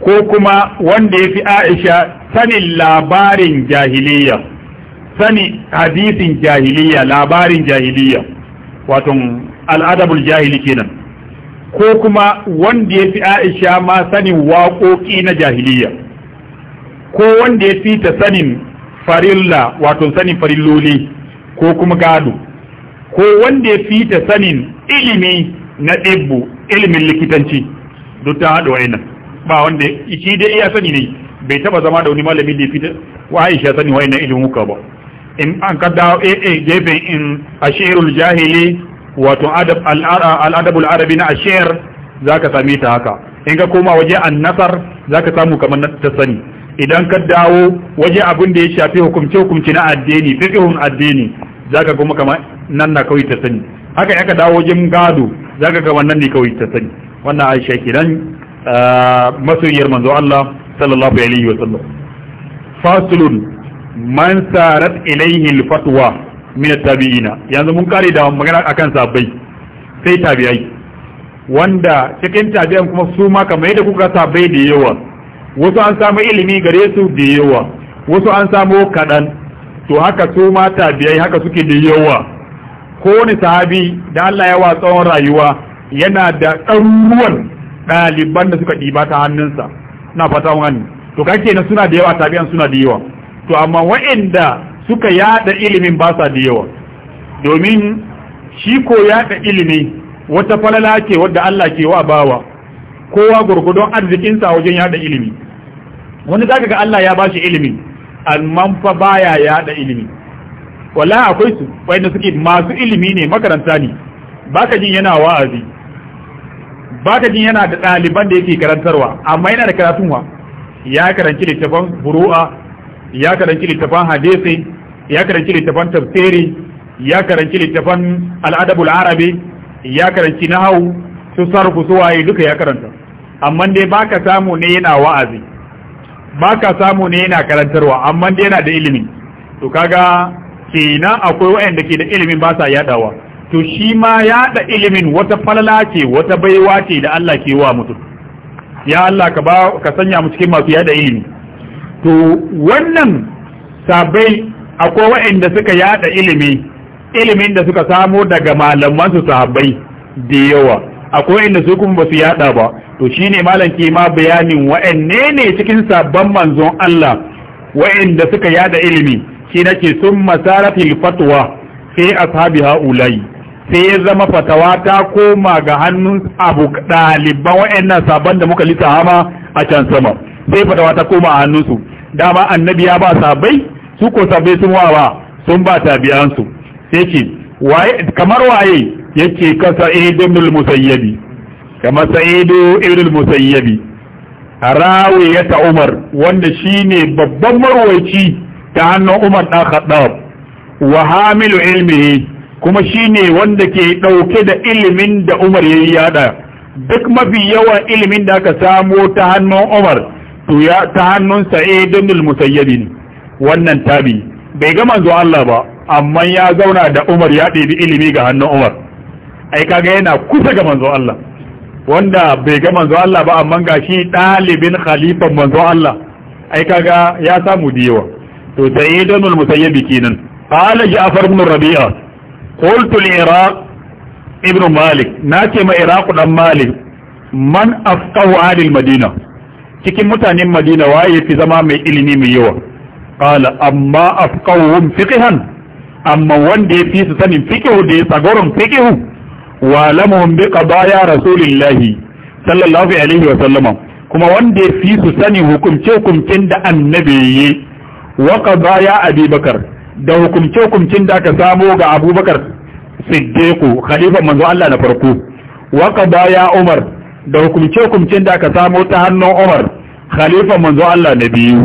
ko kuma wanda ya fi Aisha sanin labarin jahiliya sani hadisin jahiliya labarin jahiliya wato al'adabul jahili kenan ko kuma wanda ya fi aisha ma sanin waƙoƙi na jahiliya ko wanda ya fi ta sanin farilla wato sanin farilloli ko kuma gado ko wanda ya fi ta sanin ilimi na ɗibbu ilimin likitanci duk ta haɗa wa'ina ba wanda shi dai iya sani ne bai taba zama da wani malami da ya fi wa aisha sani wa'ina ilimuka ba in an ka dawo eh eh gefen in ashirul jahili wato al'adabul arabi na ashir za ka same ta haka in ka koma waje annasar nasar za ka samu kamar ta sani idan ka dawo waje abin da ya shafi hukumce hukumce na addini fiqhun addini za ka kuma kamar nan na kawai ta sani haka ya ka dawo wajen gado za ka kamar nan ne kawai ta sani wannan aisha kenan masoyiyar manzo Allah sallallahu alaihi wa sallam Fasulun man sarat ilaihi al-fatwa min tabi'ina yanzu mun kare da magana akan sahabbai sai tabi'ai wanda cikin tabi'an kuma su ma kamar yadda kuka sabai da yawa wasu an samu ilimi gare su da yawa wasu an samu kaɗan to haka su ma tabi'ai haka suke da yawa kowane sahabi da Allah ya wa tsawon rayuwa yana da ɗaruruwan ɗaliban da suka ɗiba ta hannunsa na fata wani to kake na suna da yawa tabi'an suna da yawa to amma wa'anda suka yada ilimin ba sa da yawa domin shi ko yada ilimi wata falala ce wadda Allah ke wa bawa kowa gurgudon arzikinsa wajen yada ilimi wani zaka ga Allah ya bashi ilimi amma fa baya yada ilimi wala akwai su wanda suke masu ilimi ne makaranta ne baka jin yana wa'azi baka jin yana da ɗaliban da yake karantarwa amma yana da karatun wa ya karanci littafan buru'a ya karanci littafan hadisi ya karanci littafan tafsiri ya karanci littafan al'adabul arabi ya karanci nahawu su sarfu su waye duka ya karanta amma dai baka samu ne yana wa'azi baka samu ne yana karantarwa amma dai yana da ilimi to kaga kenan akwai wayanda ke da ilimin ba sa yadawa to shi ma yada ilimin wata falala ce wata baiwa ce da Allah ke wa mutum ya Allah ka ba ka sanya mu cikin masu yada ilimi to wannan sabai akwai wa'inda suka yada ilimi ilimin da suka samo daga malamansu su sahabbai da yawa akwai inda su kuma basu yada ba to shine malam ke ma bayanin wa'anne ne cikin sabban manzon Allah wa'inda suka yada ilimi shi nake sun masarafil fatwa sai ashabi haulai sai ya zama fatawa ta koma ga hannun abu ɗaliban wa'annan sabon da muka lissa hama a can sama sai fatawa ta koma a hannunsu dama annabi ya ba sabai su ko sabai sun wawa sun ba tabi'ansu sai ce kamar waye yake ka sa'idu ibn musayyabi kama sa'idu ibn musayyabi rawi ta umar wanda shine babban marwaci ta hannun umar dan khattab wa hamilu ilmihi kuma shine wanda ke dauke da ilimin da umar yayi yada duk mafi yawan ilimin da aka samo ta hannun umar to ya ta hannun sa'idu ibn musayyabi ne wannan tabi bai ga manzo Allah ba amma ya zauna da Umar ya ɗebi ilimi ga hannun Umar ai kaga yana kusa ga manzo Allah wanda bai ga manzo Allah ba amma ga shi ɗalibin khalifan manzo Allah ai kaga ya samu diwa to sayyidul musayyib kinan qala ja'far ibn rabi'a qultu al-iraq ibn malik nace ma iraq dan malik man afqahu ahli madina cikin mutanen madina waye fi zama mai ilimi mai yawa qala amma afqahum fiqhan amma wanda yafi su sanin fiqhu da tsagoron fiqhu wa lamhum bi qadaya rasulillahi sallallahu alaihi wa sallama kuma wanda yafi su sani hukumce hukumcin da annabi yi da hukumce hukumcin da aka samo ga abubakar siddiqu khalifa manzo Allah na farko wa baya umar da hukumce hukumcin da aka samo ta hannun umar khalifa manzo Allah na biyu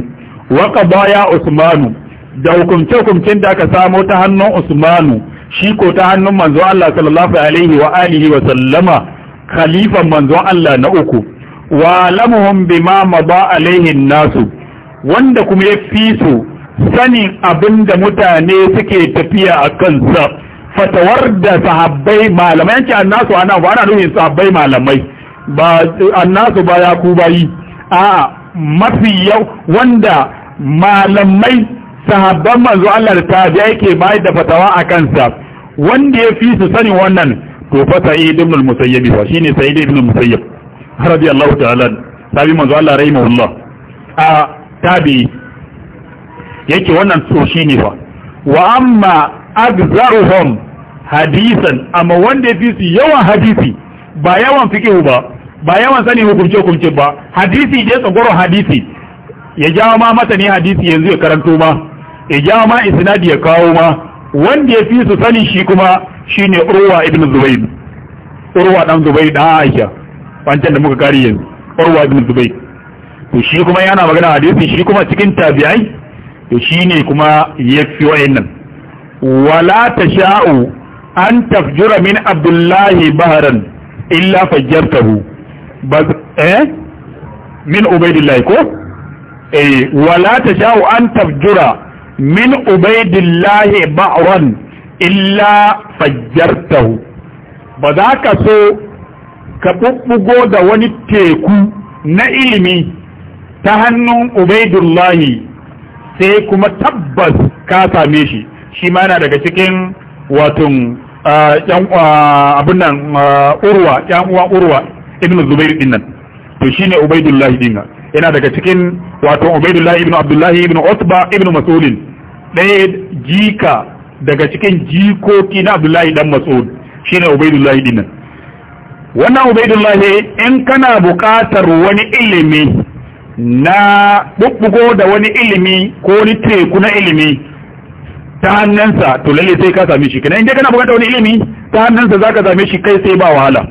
wa baya usmanu da hukumce hukumcin da aka samo ta hannun usmanu shi ko ta hannun manzo Allah sallallahu alaihi wa alihi wa sallama khalifan manzo Allah na uku wa lamuhum bima mada alaihi nasu wanda kuma ya fi su sanin abinda mutane suke tafiya a kansa fatawar da sahabbai malamai yanki annasu ana ba ana nuhin sahabbai malamai ba annasu ba ya ku bayi a mafi yau wanda malamai sahabban manzo Allah da tabi'ai ke bayar da fatawa a kansa wanda ya fi su sanin wannan to fa sa'id ibn al-musayyib fa shine sa'id ibn al-musayyib radiyallahu ta'ala sabi manzo Allah rahimahullah a tabi yake wannan to shine fa wa amma agzaruhum hadisan amma wanda ya fi su yawan hadisi ba yawan fiqh ba ba yawan sanin hukunce hukunce ba hadisi je tsagoro hadisi ya jawo ma mata ne hadisi yanzu ya karanto ma ya jawo ma isnadi ya kawo ma wanda ya fi su sani shi kuma shine urwa ibn zubayr urwa dan zubayr da aisha wancan da muka kari yanzu urwa ibn zubayr to shi kuma yana magana hadisi shi kuma cikin tabi'ai to shine kuma fi wayannan wala tasha'u an tafjura min abdullahi baharan illa fajjartahu ba eh min ubaidillahi ko eh wala tashau an tafjura min ubaidillahi ba'ran illa fajjartahu ba za ka so ka bubbugo da wani teku na ilimi ta hannun ubaidullahi sai kuma tabbas ka same shi shi ma yana daga cikin watan ah, abin ah, nan ah, urwa yan uwa urwa ibn zubair dinnan, to shine ubaidullahi din yana daga cikin wato Ubaidullah ibn Abdullah ibn Utba ibn Mas'ud ɗaya jika daga cikin jikoki na Abdullahi dan Mas'ud shine Ubaidullah dinnan. wannan Ubaidullah in kana buƙatar wani ilimi na bubbugo da wani ilimi ko wani teku na ilimi ta hannunsa to lalle sai ka same shi kana in kana buƙatar wani ilimi ta hannunsa zaka same shi kai sai ba wahala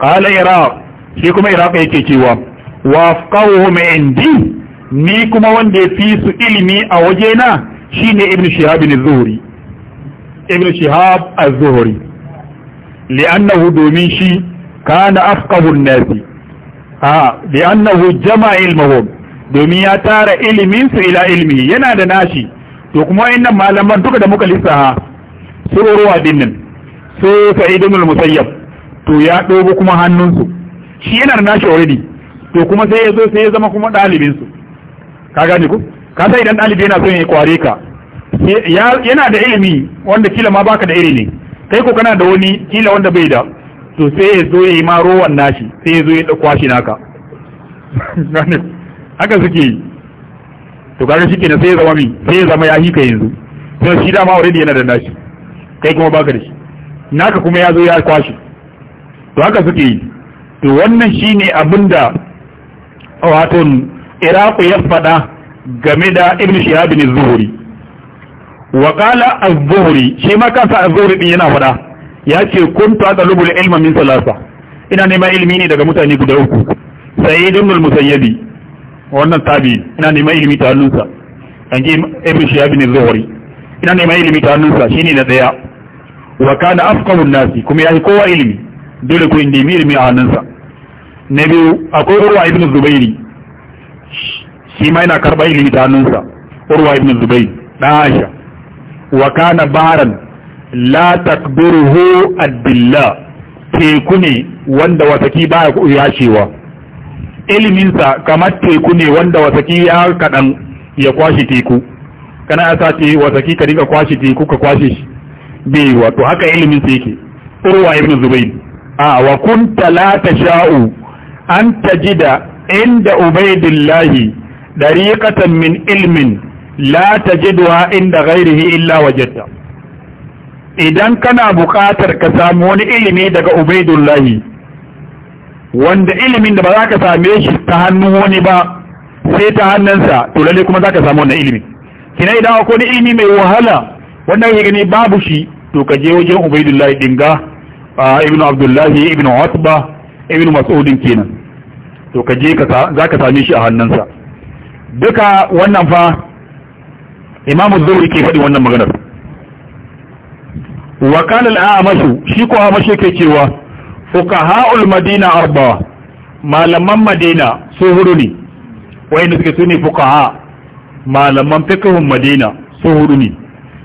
qala iraq shi kuma iraq yake cewa wafqahu mai indi ni kuma wanda ya fi su ilimi a wajena shine ibn shihab ne zuhri ibn shihab a zuhri li'annahu domin shi ka na an-nasi a li'annahu jama'a ilmahum domin ya tara ilimin su ila ilimi yana da nashi to kuma wayannan malaman duka da muka lissaha ruwa dinnan su sa'id musayyab to ya ɗogo kuma hannunsu shi yana da nashi already to kuma sai ya zo sai ya zama kuma ɗalibin su ka gane ku ka sai idan ɗalibi yana son ya kware ka yana da ilimi wanda kila ma baka da iri ne kai ko kana da wani kila wanda bai da to sai ya zo ya yi ma rowan nashi sai ya zo ya ɗauko shi naka <laughs> haka suke yi to kaga shi kenan sai ya zama mi sai ya zama ya ka yanzu sai shi dama already yana da nashi kai kuma baka da shi naka kuma ya zo ya kwashi to haka suke yi to wannan shine abinda wato iraku ya faɗa game da ibn shihab bin zuhri wa qala az-zuhri shi ma kansa az-zuhri din yana faɗa yace ta da al-ilma min salasa ina nema ilimi ne daga mutane guda uku sa'id ibn al-musayyib wannan tabi ina nema ilimi ta hannunsa an ji ibn shihab bin zuhri ina nema ilimi ta hannunsa shine na daya wa kana afqahu an-nasi kuma yayi kowa ilimi dole ku indimi ilimi a hannunsa na biyu akwai urwa ibn zubairi shi ma yana karɓa ilimi ta hannunsa urwa ibn zubairi na aisha wa kana baran la takbiruhu addilla teku ne wanda wasaki ba ya cewa iliminsa kamar teku ne wanda wasaki ya kaɗan ya kwashe teku kana ya sace wasaki ka dinga kwashe teku ka kwashe shi bai wato haka iliminsa yake urwa ibn zubairi a wa kunta la tasha'u an tajida inda ubaidillahi dariqatan min ilmin la tajidwa inda ghairihi illa wajadta idan kana buƙatar ka samu wani ilimi daga ubaidillahi wanda ilimin da ba za ka same shi ta hannu wani ba sai ta hannunsa to lalle kuma za ka samu wannan ilimi kina idan akwai wani ilimi mai wahala wanda ya gani babu shi to ka je wajen ubaidillahi dinga ibnu abdullahi ibnu utba ibnu mas'udin kenan to ka je za ka same shi a hannunsa duka wannan fa imamu zuri ke faɗi wannan maganar wakalar al'amashu shi ko amashu ke cewa ha'ul madina arba malaman madina su hudu ne da suke su ne fukaha malaman fikihun madina su hudu ne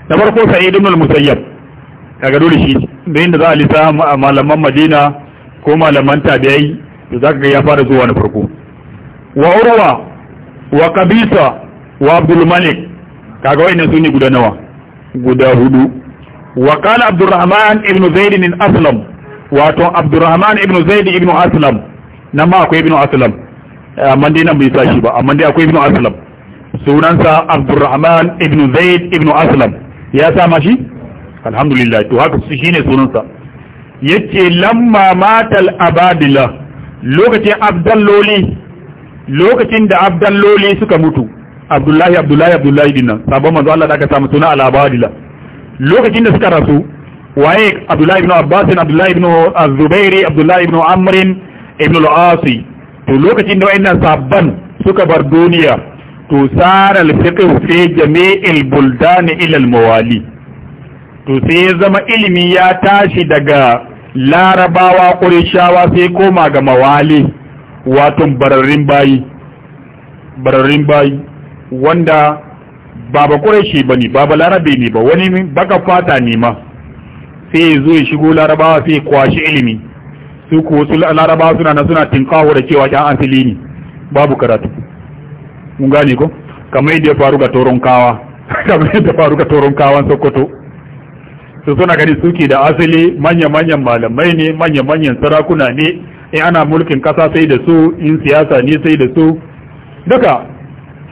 na farko sa'i ibn al-musayyab dole shi da da za a lisa malaman madina ko malaman tabi'ai za ka ga ya fara zuwa na farko wa urwa wa qabisa wa abdul malik kaga guda nawa guda hudu wa abdurrahman ibn zaid bin aslam abdurrahman ibn zaid ibn aslam ma akwai ibn aslam amma dai nan bai ba amma dai akwai ibn aslam sunansa abdurrahman ibn zaid ibn aslam ya sa mashi alhamdulillah to haka shine sunansa yace lamma matal abadila lokacin abdalloli lokacin da abdalloli suka mutu abdullahi abdullahi abdullahi dinnan sabon manzo Allah da aka samu suna al-abadila lokacin da suka rasu waye abdullahi ibn abbas abdullahi ibn az-zubairi abdullahi ibn amr ibn al-asi to lokacin da wayannan sabban suka bar duniya to sara al-fiqh fi al buldan ila al-mawali to sai zama ilimi ya tashi daga larabawa ƙurishawa sai koma ga mawali wato bararrin bayi bararrin bayi wanda baba ƙurishi ba ne baba larabe ne ba wani baka fata ne ma sai zo ya shigo larabawa sai kwashi ilimi su ko su larabawa suna na suna tinkawo da cewa ƙyan asili ne babu karatu mun gane ko kamar yadda ya faru ga toron kawa <laughs> kamar yadda faru ga toron kawan sokoto su suna gani suke da asali manya-manyan malamai ne manya-manyan sarakuna ne in ana mulkin kasa sai da su in siyasa ne sai da su duka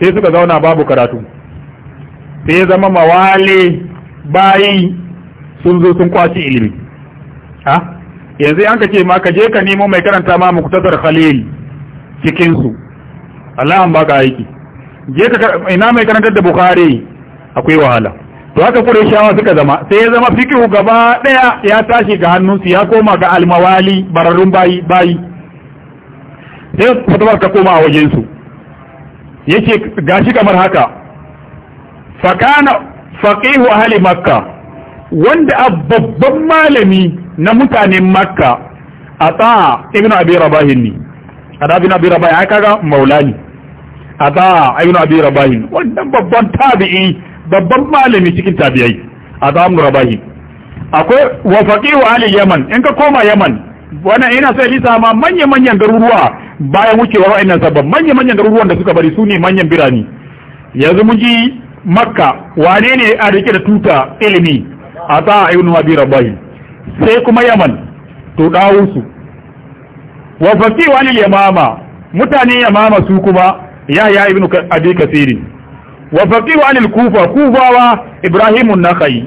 sai suka zauna babu karatu sai ya zama mawale bayi sun zo sun kwaci ilimi ha ah, yanzu an ka ce ma ka je ka nemo mai karanta ma muktasar khalil cikin su Allah an baka aiki je ka ina mai karanta da bukhari akwai wahala to haka qurayshawa suka zama sai ya zama fikihu gaba daya ya tashi ga hannunsu ya koma ga almawali bararrun bayi bayi sai fatawar ka koma a wajensu su yace gashi kamar haka fakana faqihu ahli makka wanda babban malami na mutanen makka ata ibnu abi rabahin ni ada ibnu abi rabahin kaga maulani ata ibnu abi rabahin wannan babban tabi'i babban malami cikin tabiyai a zamu rabahi akwai wa faqihu ali yaman in ka koma yaman wannan ina sai lisa ma manyan manyan garuruwa bayan wucewa wa'annan sabban manyan manyan garuruwan da suka bari su ne manyan birane yanzu mun ji makka wane ne a rike da tuta ilimi a ta a ibn abi rabahi sai kuma yaman to dawo su wa faqihu ali yamama mutane yamama su kuma ya ibn abi kasiri wa Ali kufa kufawa ibrahim an-nakhai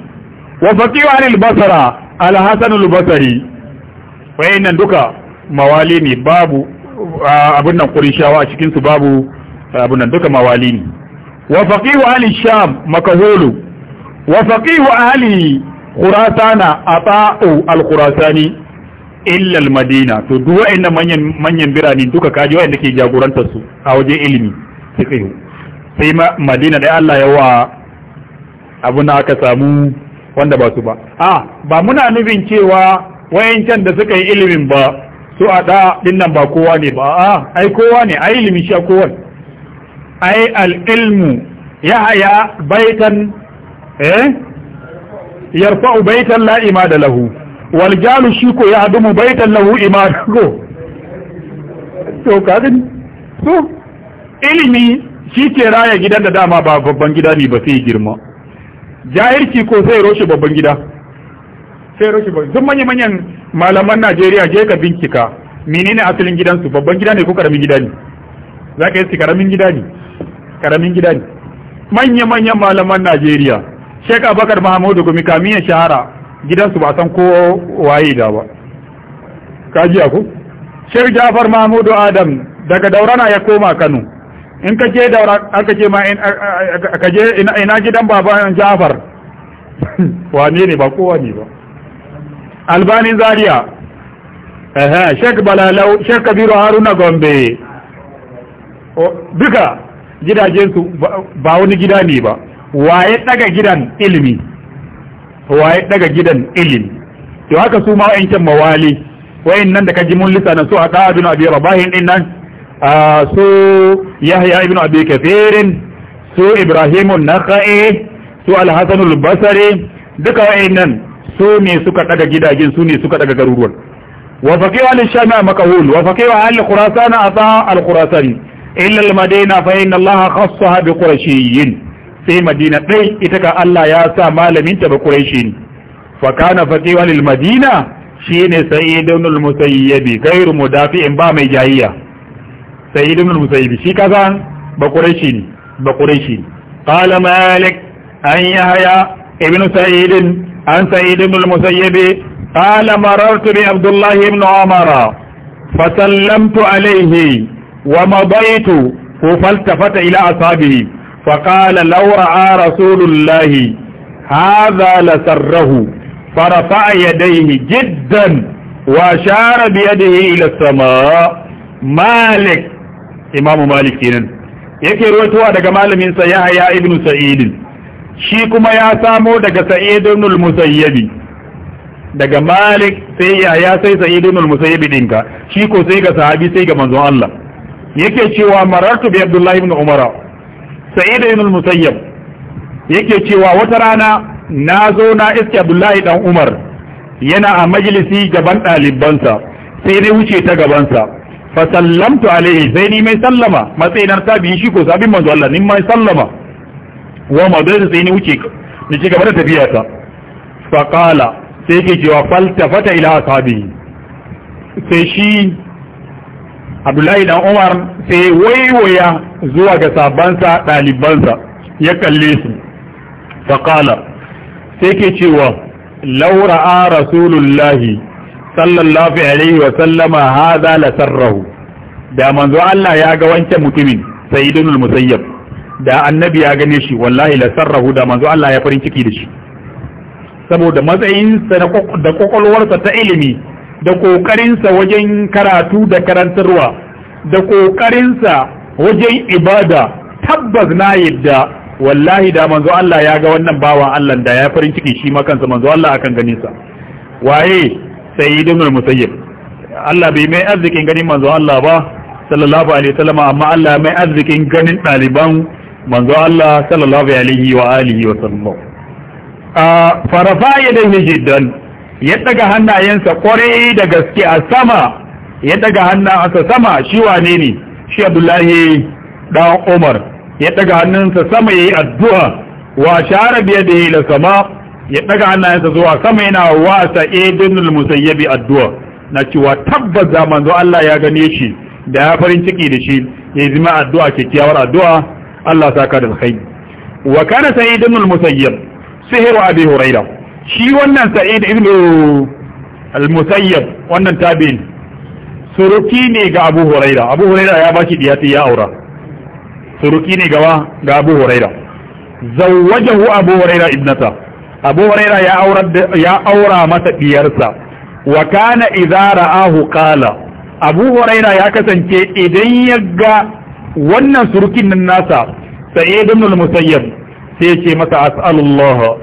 wa faqihu anil basra al-hasan wayannan duka mawali ne babu abun nan qurayshawa a cikin su babu abun nan duka mawali ne wa faqihu anil sham makahulu wa faqihu ahli khurasana ata'u al-khurasani illa al-madina to duk wayannan manyan manyan birane duka kaji waɗanda ke jagorantar su a wajen ilimi sai madina da Allah ya wa abin da aka samu wanda ba su ba a ba muna nufin cewa wayancan da suka yi ilimin ba su a da dinnan ba kowa ne ba a ai kowa ne ai ilimin shi kowa ai al-ilmu ya haya baitan eh yarfa'u baitan la imada lahu wal jalu shi ko ya hadu baitan lahu imada go to kadin to ilimi shi ke raya gidan da dama ba babban gida ne ba sai girma jahilci ko sai roshe babban gida sai roshe babban duk manya manyan malaman Najeriya je ka bincika menene asalin gidansu babban gida ne ko karamin gida ne za ka yi karamin gida ne karamin gida ne manya manyan malaman Najeriya Sheikh Abubakar Muhammadu Gumi kamiyan shahara gidansu ba san ko waye da ba kaji ku Sheikh Jafar Mahmudu Adam daga Daurana ya koma Kano in ka je da aka ce ma ka je ina gidan baban Jafar <laughs> wane ne ba kowa ne ba Albani Zaria eh Sheikh Balalau Sheikh Kabiru Haruna Gombe duka gidajen su ba wani gida ne ba waye daga gidan ilimi waye daga gidan ilimi to haka su ma wa'ancan mawali nan da ji mun lissa na su a ta'adun abi rabahin din nan su yahya ibn abi kafirin su ibrahimun naka'i su alhassanul basari duka wa'annan su ne suka daga gidajen su ne suka daga garuruwan wa faqiwa lil shami makahul wa faqiwa al khurasan ata al khurasani illa al madina fa inna allah khassaha bi qurashiyyin sai madina dai ita ka allah ya sa malamin ta ba quraishi fa kana faqiwa lil madina shine sa'id ibn al musayyib ghairu mudafi'in ba mai jahiya sa'id ibn shi kaza ba quraishi ne ba quraishi ne malik an yahya ibn sa'id an sa'id ibn musayyib qala marartu bi abdullah wa فالتفت إلى أصحابه فقال لو رأى رسول الله هذا لسره فرفع يديه جدا بيده إلى السماء مالك imamu malik kenan yake ruwatowa daga malamin sa yahya ibn sa'id shi kuma ya samo daga sa'id ibn al-musayyib daga malik sai yahya sai sa'id ibn al-musayyib dinka shi ko sai ga sahabi sai ga manzon Allah yake cewa marartu bi abdullahi ibn Umar? sa'id ibn al-musayyib yake cewa wata rana na zo na iske abdullahi dan umar yana a majalisi gaban ɗalibansa sai dai wuce ta gabansa fa sallamtu alaihi sai ni mai sallama matsayinar tabi'in shi ko sabin manzo Allah ni mai sallama wa madaisu sai ni wuce ni ci gaba da tafiya ta fa qala sai yake cewa faltafata ila ashabi sai shi Abdullahi dan Umar sai waiwaya zuwa ga sabansa dalibansa ya kalle su fa qala sai yake cewa law ra'a rasulullahi sallallahu alaihi wa sallama hadha la sarrahu da manzo Allah ya ga wancan mutumin sayyidul musayyab da annabi ya gane shi wallahi la sarrahu da manzo Allah ya farin ciki da shi saboda matsayin sa da kokolwarsa ta ilimi da kokarin sa wajen karatu da karantarwa da kokarin sa wajen ibada tabbas na yadda wallahi da manzo Allah ya ga wannan bawan Allah da ya farin ciki shi makansa, manzo Allah akan ganin sa waye sayyid ibn musayyib Allah bai mai arzikin ganin manzo Allah ba sallallahu alaihi wasallam amma Allah mai arzikin ganin daliban manzo Allah sallallahu alaihi wa alihi wa sallam a farafa yadayhi jiddan ya daga hannayensa kwarai da gaske a sama ya daga hannayensa sama shi wane ne shi Abdullahi dan Umar ya daga hannunsa sama yayi addu'a wa shara biyadihi ila sama ya daga hannayensa zuwa sama yana wa sa'idul musayyabi addu'a na cewa tabbas da manzo Allah ya gane shi da ya farin ciki da shi ya yi zama addu'a kyakkyawar addu'a Allah sa ka da alkhairi wa kana sa'id ibn al-musayyib sihiru abi huraira shi wannan sa'id ibn al-musayyib wannan tabi'in suruki ne ga abu huraira abu huraira ya bashi diyati ya aura suruki ne gawa ga abu huraira zawwajahu abu huraira ibnata abu huraira ya aura masa diyarsa wa kana idza ra'ahu qala abu huraira ya kasance idan ya ga wannan surukin nan nasa sa'id ibn al-musayyib sai ce masa as'alullah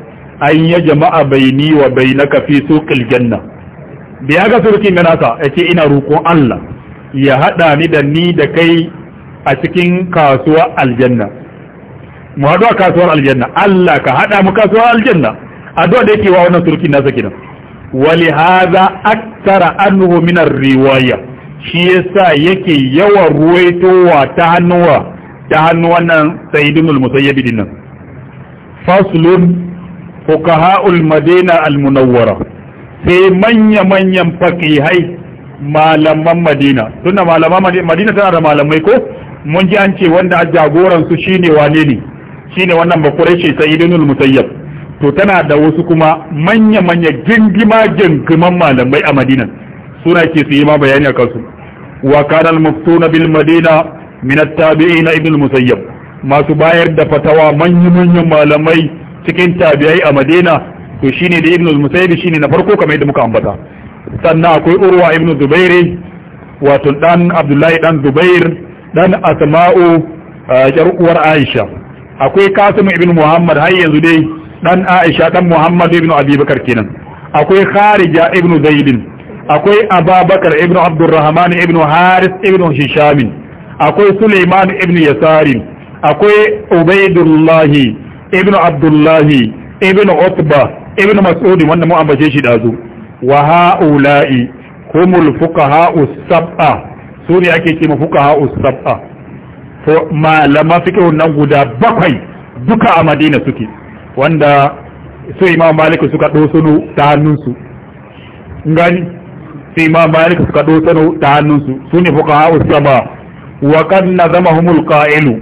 an yajma'a baini wa bainaka fi suqil janna da ya ga surukin nan nasa yace ina roƙon Allah ya hada ni da ni da kai a cikin kasuwar aljanna mu haɗu a kasuwar aljanna Allah ka haɗa mu kasuwar aljanna addu'a da yake wa wannan surukin nasa kenan wali hadha aktara anhu min riwaya shi yasa yake yawa ruwaitowa ta hannuwa ta hannu Sayyidin sayyidul musayyib din nan faslun fuqaha'ul madina al munawwara sai manya manyan faqihai malaman madina tunda malaman madina tana da malamai ko mun ji an ce wanda a jagoran su shine wane ne shine wannan bakurai ce sayyidul musayyib to tana da wasu kuma manya-manya gingima gingiman malamai a madina suna ke su yi ma bayani a kansu wa kana al-muftuna bil madina min at-tabi'in ibn musayyab masu bayar da fatawa manya-manyan malamai cikin tabi'ai a madina to shine da ibn musayyab shine na farko kamar yadda muka ambata sannan akwai urwa ibn zubairi wato dan abdullahi dan zubair dan asma'u jar ah, uwar aisha akwai kasim ibn muhammad har yanzu dai dan Aisha dan Muhammad ibn Abi Bakar kenan akwai Kharija ibn Zaid akwai Ababakar ibn Abdurrahman ibn Haris ibn Hisham akwai Sulaiman ibn Yasarin akwai Ubaidullah ibn Abdullah ibn Utba ibn Mas'ud wanda mu ambace shi dazu wa haula'i humul fuqaha as saba ne ake ce fuqaha us-sab'a to malama fikihun nan guda bakwai duka a Madina suke wanda su imam malik suka dosono ta hannunsu gani su imam malik suka dosono ta hannunsu su ne fuka ha'u sama wa kan kad humul qa'ilu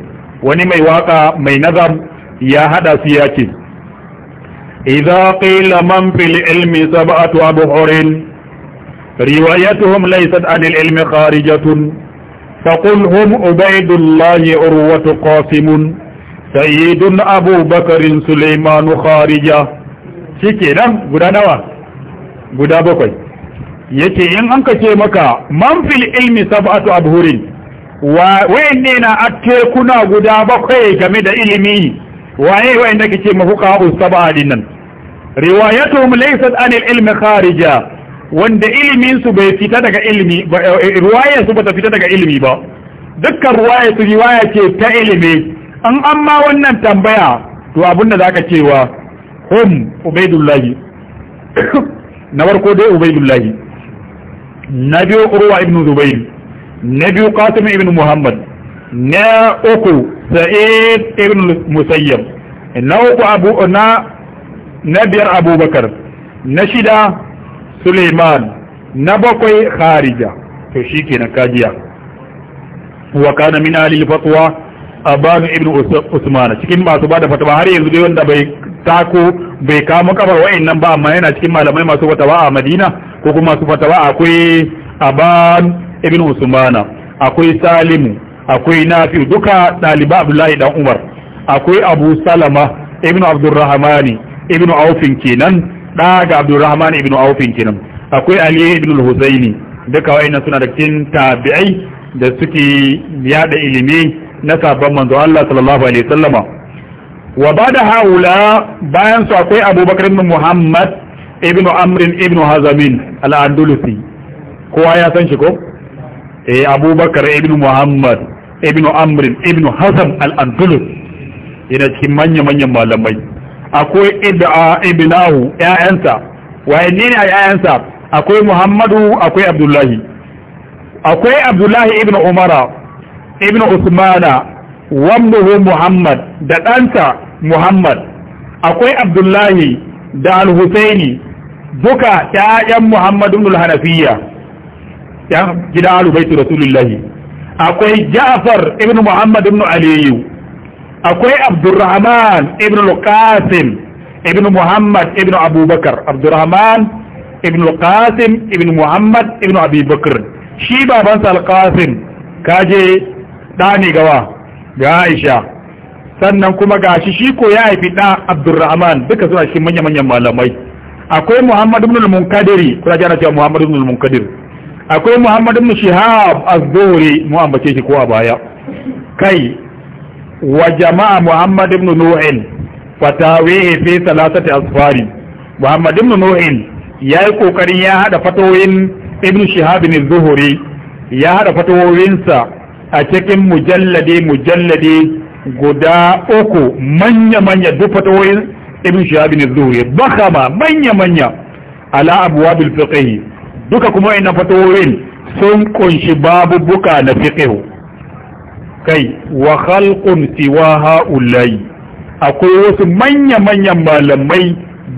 wani mai waka mai nazam ya hada su ya ce idza qila man fil ilmi sab'atu abhurin riwayatuhum laysat anil ilmi kharijatun فقل هم عبيد الله عروة قاسم sayyidun abu suleimanu kharija shike nan guda nawa guda bakwai yake in an kace maka man fil ilmi sab'atu abhurin wa ne na atte kuna guda bakwai game da ilimi waye wayanda kace mafuka sab'a dinnan riwayatuhum laysat anil ilmi kharija wanda ilimin su bai fita daga ilimi eh, eh, riwayar su bata fita daga ilimi ba dukkan riwayar su riwaya ce ta ilimi an amma wannan tambaya to abinda zaka cewa hum ubaidullahi <coughs> na farko dai ubaidullahi na biyu urwa ibn zubair na biyu qasim ibn muhammad na uku sa'id ibn musayyab na uku abu na na biyar abubakar na shida suleiman na bakwai kharija to shikenan kajiya wa kana min ahli fatwa abanu ibn usman cikin masu bada fatawa har yanzu dai wanda bai tako bai kamo kafar wa'annan ba amma yana cikin malamai masu fatawa a madina ko kuma masu fatawa akwai aban ibn usman akwai salimu akwai nafi duka daliba abdullahi dan umar akwai abu salama ibn abdurrahman ibn aufin kenan da ga abdurrahman ibn aufin kenan akwai ali ibn husaini duka wa'annan suna da cikin tabi'ai da suke yada ilimi na sabon manzo Allah sallallahu alaihi Sallama, wa bada haula bayan su akwai Abubakar ibn Muhammad ibn Amrin ibn Hazamin al-Andalusi kowa ya san shi ko eh Abubakar ibn Muhammad ibn Amrin ibn Hazam al-Andalus ina cikin manya manyan malamai akwai Ib'a ah, ibnahu ƴaƴansa wayanne ne ƴaƴansa akwai Muhammadu akwai Abdullahi akwai Abdullahi ibn Umara ibn usmana wamnuhu muhammad da ɗansa muhammad akwai abdullahi da al-husaini duka ƴaƴan muhammad ibn al-hanafiya ya gida al-baiti rasulullahi akwai ja'far ibn muhammad ibn aliyu akwai abdurrahman ibn al-qasim ibn muhammad ibn abubakar abdurrahman ibn al-qasim ibn muhammad ibn abubakar shi babansa al-qasim kaje da ne gawa ga Aisha sannan kuma ga shi shi ko ya haifi da Abdurrahman duka suna cikin manyan manyan malamai akwai Muhammad ibn al-Munkadiri kuna jana cewa Muhammad ibn al-Munkadir akwai Muhammad ibn Shihab az-Zuhri mu ambace shi ko a baya kai wa jama'a Muhammad ibn Nu'in tawihi fi salasati asfari Muhammad ibn Nu'in yayi kokarin ya hada fatawoyin Ibn Shihab az-Zuhri ya hada fatawoyinsa a cikin mujallade mujallade guda uku manya-manya duk fatawoyin ibn shahab ne zuhuri bakama manya-manya ala abwabil fiqh duka kuma na fatawoyin sun kunshi buka na fiqh kai wa khalqun siwa haulai akwai wasu manya-manyan malamai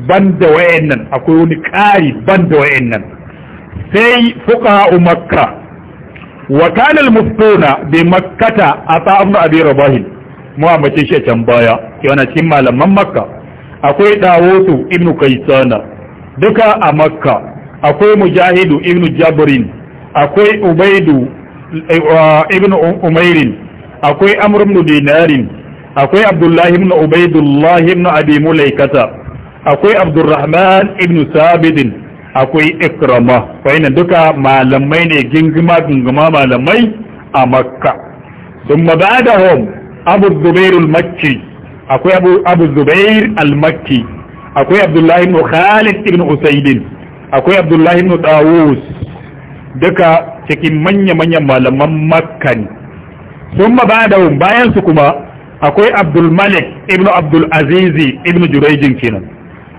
banda wayannan akwai wani ƙari banda wayannan sai fuqa'u makka wa kana al-muftuna bi makkata ata ibn abi rabah mu ambace shi can baya yana cikin malaman makka akwai dawutu ibn kaisana duka a makka akwai mujahidu ibn jabrin akwai ubaidu eh, ibn umairin akwai amr ibn dinarin akwai abdullahi ibn ubaidullahi ibn abi akwai abdurrahman ibnu sabidin akwai ikrama wayannan duka malamai ne gingima gingima malamai a makka thumma hom abu zubairu al-makki akwai abu abu zubair al-makki akwai abdullahi ibn khalid ibn usayd akwai abdullahi ibn tawus duka cikin manya manyan malaman makka ne thumma hom bayan su kuma akwai abdul malik ibn abdul azizi ibn jurayj kenan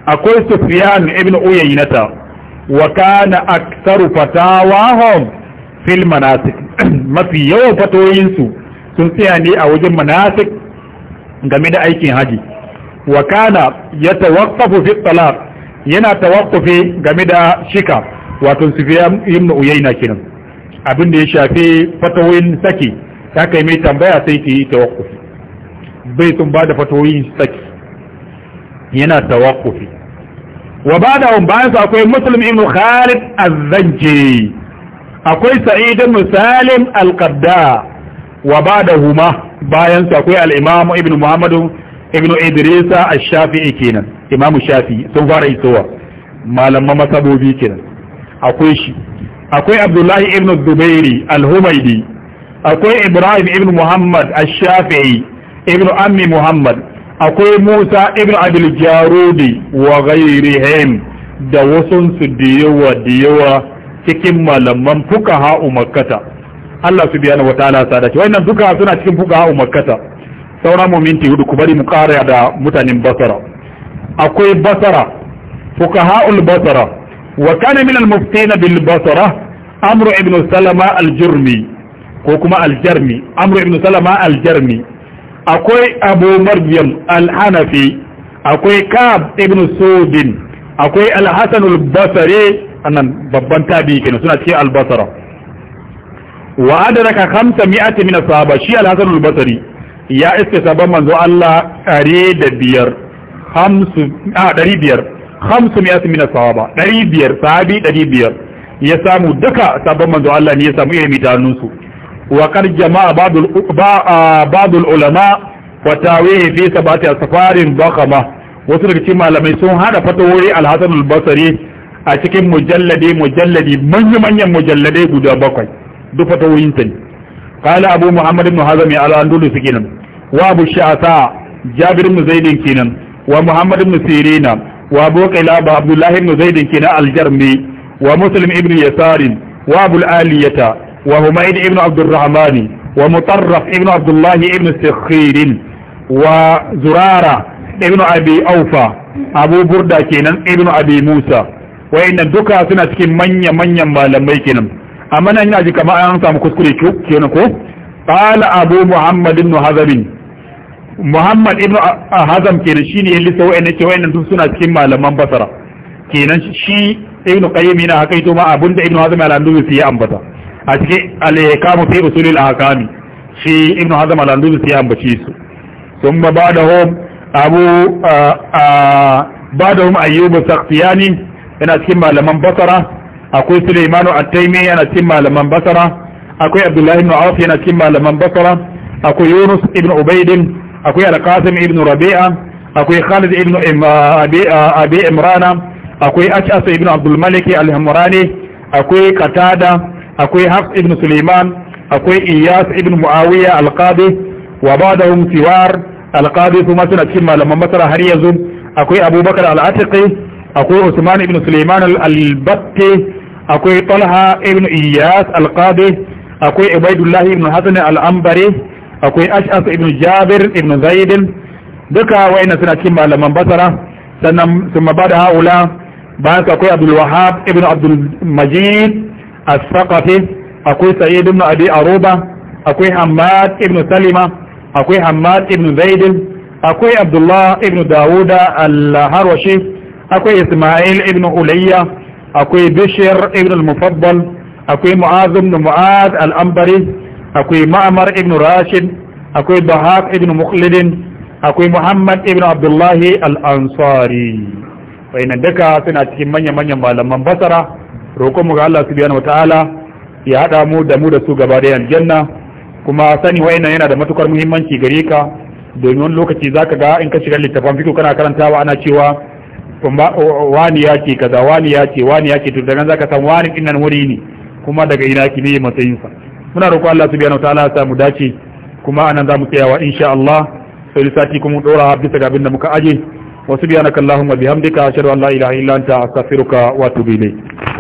akwai sufyan ibn uyaynata wa kana aktsaru fatawahum fil manasik <clears throat> mafi yawan fatoyin su sun tsaya ne a wajen manasik game da aikin haji wa kana yatawaqqafu fi talaq yana tawaqqufi game da shika wato sufiyan ibn uyayna kenan abin da ya shafi fatoyin saki ta kai mai tambaya sai ki yi tawakkufi bai sun ba da fatawoyin saki yana tawakkufi wa ba ba'dahum bayan su akwai muslim ibn khalid az-zanji akwai sa'id ibn salim al-qadda wa huma bayan su akwai al'imamu imam ibn muhammad ibn idris ash-shafi'i kenan imam shafi'i sun fara isowa malaman masabobi kenan akwai shi akwai abdullahi ibn zubairi al-humaydi akwai ibrahim ibn muhammad ash-shafi'i ibn ammi muhammad akwai Musa ibn Abil Jarudi wa ghairihim da wasun su da yawa da yawa cikin malaman fuqaha umakkata Allah subhanahu wataala ya sadaki wannan duka suna cikin fuqaha umakkata sauran mu hudu ku bari mu kara da mutanen Basra akwai Basra fuqaha ul basra wa kana min al-muftin bil Basra Amr ibn Salama al-Jurmi ko kuma al-Jarmi Amr ibn Salama al-Jarmi akwai abu maryam al akwai kab ibn sobin akwai al-hasan al-basri annan babban tabi'i kenan suna cikin albasara. basra wa adraka 500 min as-sahaba shi al-hasan ya iske sabon manzo Allah biyar 500 a 500 500 sahaba 500 sahabi 500 ya samu duka sabon manzo Allah ne ya samu ilimi ta hannunsu وقد جمع بعض بعض العلماء وتاويه في سبعة أسفار ضخمة وصدق كما لم يسون هذا فتوري الحسن البصري أشكي مجلدي مجلدي من من مجلدي قد بقي دو فتوري قال أبو محمد بن حزم على أندول سكينا وأبو الشعثاء جابر بن زيد كينا ومحمد بن سيرين وأبو قلاب عبد الله بن زيد كينا الجرمي ومسلم ابن يسار وأبو الآلية وهميد ابن عبد الرحمن ومطرف ابن عبد الله ابن سخير وزرارة ابن أبي أوفى أبو بردة كينان ابن أبي موسى وإن دوكا سنة كين منيا منيا مالمي كينان أما نحن أجي كما أنسى مكسكري كيوك كينكو قال أبو محمد بن هذبين Muhammad ibn Hazam kenan shine ya lissa wa'annan ce wa'annan duk suna cikin malaman Basra kenan shi Ibn Qayyim yana hakaito ma abinda Ibn Hazam al-Andalusi ya ambata a cikin al-ihkamu fi usulil ahkami shi ibnu hazm al-andalusi ya ambace su thumma ba'dahum abu ba'dahum ayyub as-sakhtiyani yana cikin malaman basara akwai sulaimanu at-taymi yana cikin malaman basara akwai abdullahi ibn auf yana cikin malaman basara akwai yunus ibn ubayd akwai al-qasim ibn rabi'a akwai khalid ibn abi imrana akwai ash'as ibn abdul malik al-hamrani akwai qatada akwai hafs ibn suleiman akwai iyas ibn muawiya alqadi wa ba'dahum siwar alqadi kuma suna cikin malaman masara har yanzu akwai abubakar al-atiqi akwai usman ibn suleiman al-batti akwai talha ibn iyas alqadi akwai ubaidullah ibn hasan al-ambari akwai ash'as ibn jabir ibn zaid duka wayna suna cikin malaman basara sannan sun mabada haula bayan akwai abdul wahab ibn abdul majid Asakafi saqafi akwai sa'id ibn abi aruba akwai hammad ibn salima akwai hammad ibn zaid akwai abdullah ibn dawuda al-harwashi akwai isma'il ibn ulayya akwai bishr ibn al-mufaddal akwai mu'az ibn mu'az al-anbari akwai ma'mar ibn rashid akwai bahaq ibn mukhlid akwai muhammad ibn abdullahi al-ansari wayannan suna cikin manya-manyan malaman basara roƙon mu ga Allah subhanahu wataala ya hada mu da mu da su gaba da aljanna kuma sani wayannan yana da matukar muhimmanci gare ka domin wani lokaci zaka ga in ka shiga littafin fiqh kana karantawa ana cewa wani ya ce kaza wani ya ce wani ya ce to daga zaka san wani din nan wuri ne kuma daga ina ki ne matsayin sa muna roƙon Allah subhanahu wataala ya sa mu dace kuma anan za mu tsayawa insha Allah sai sati kuma dora bisa ga abin da muka aje وسبحانك اللهم وبحمدك an أن لا إله إلا أنت أستغفرك وأتوب إليك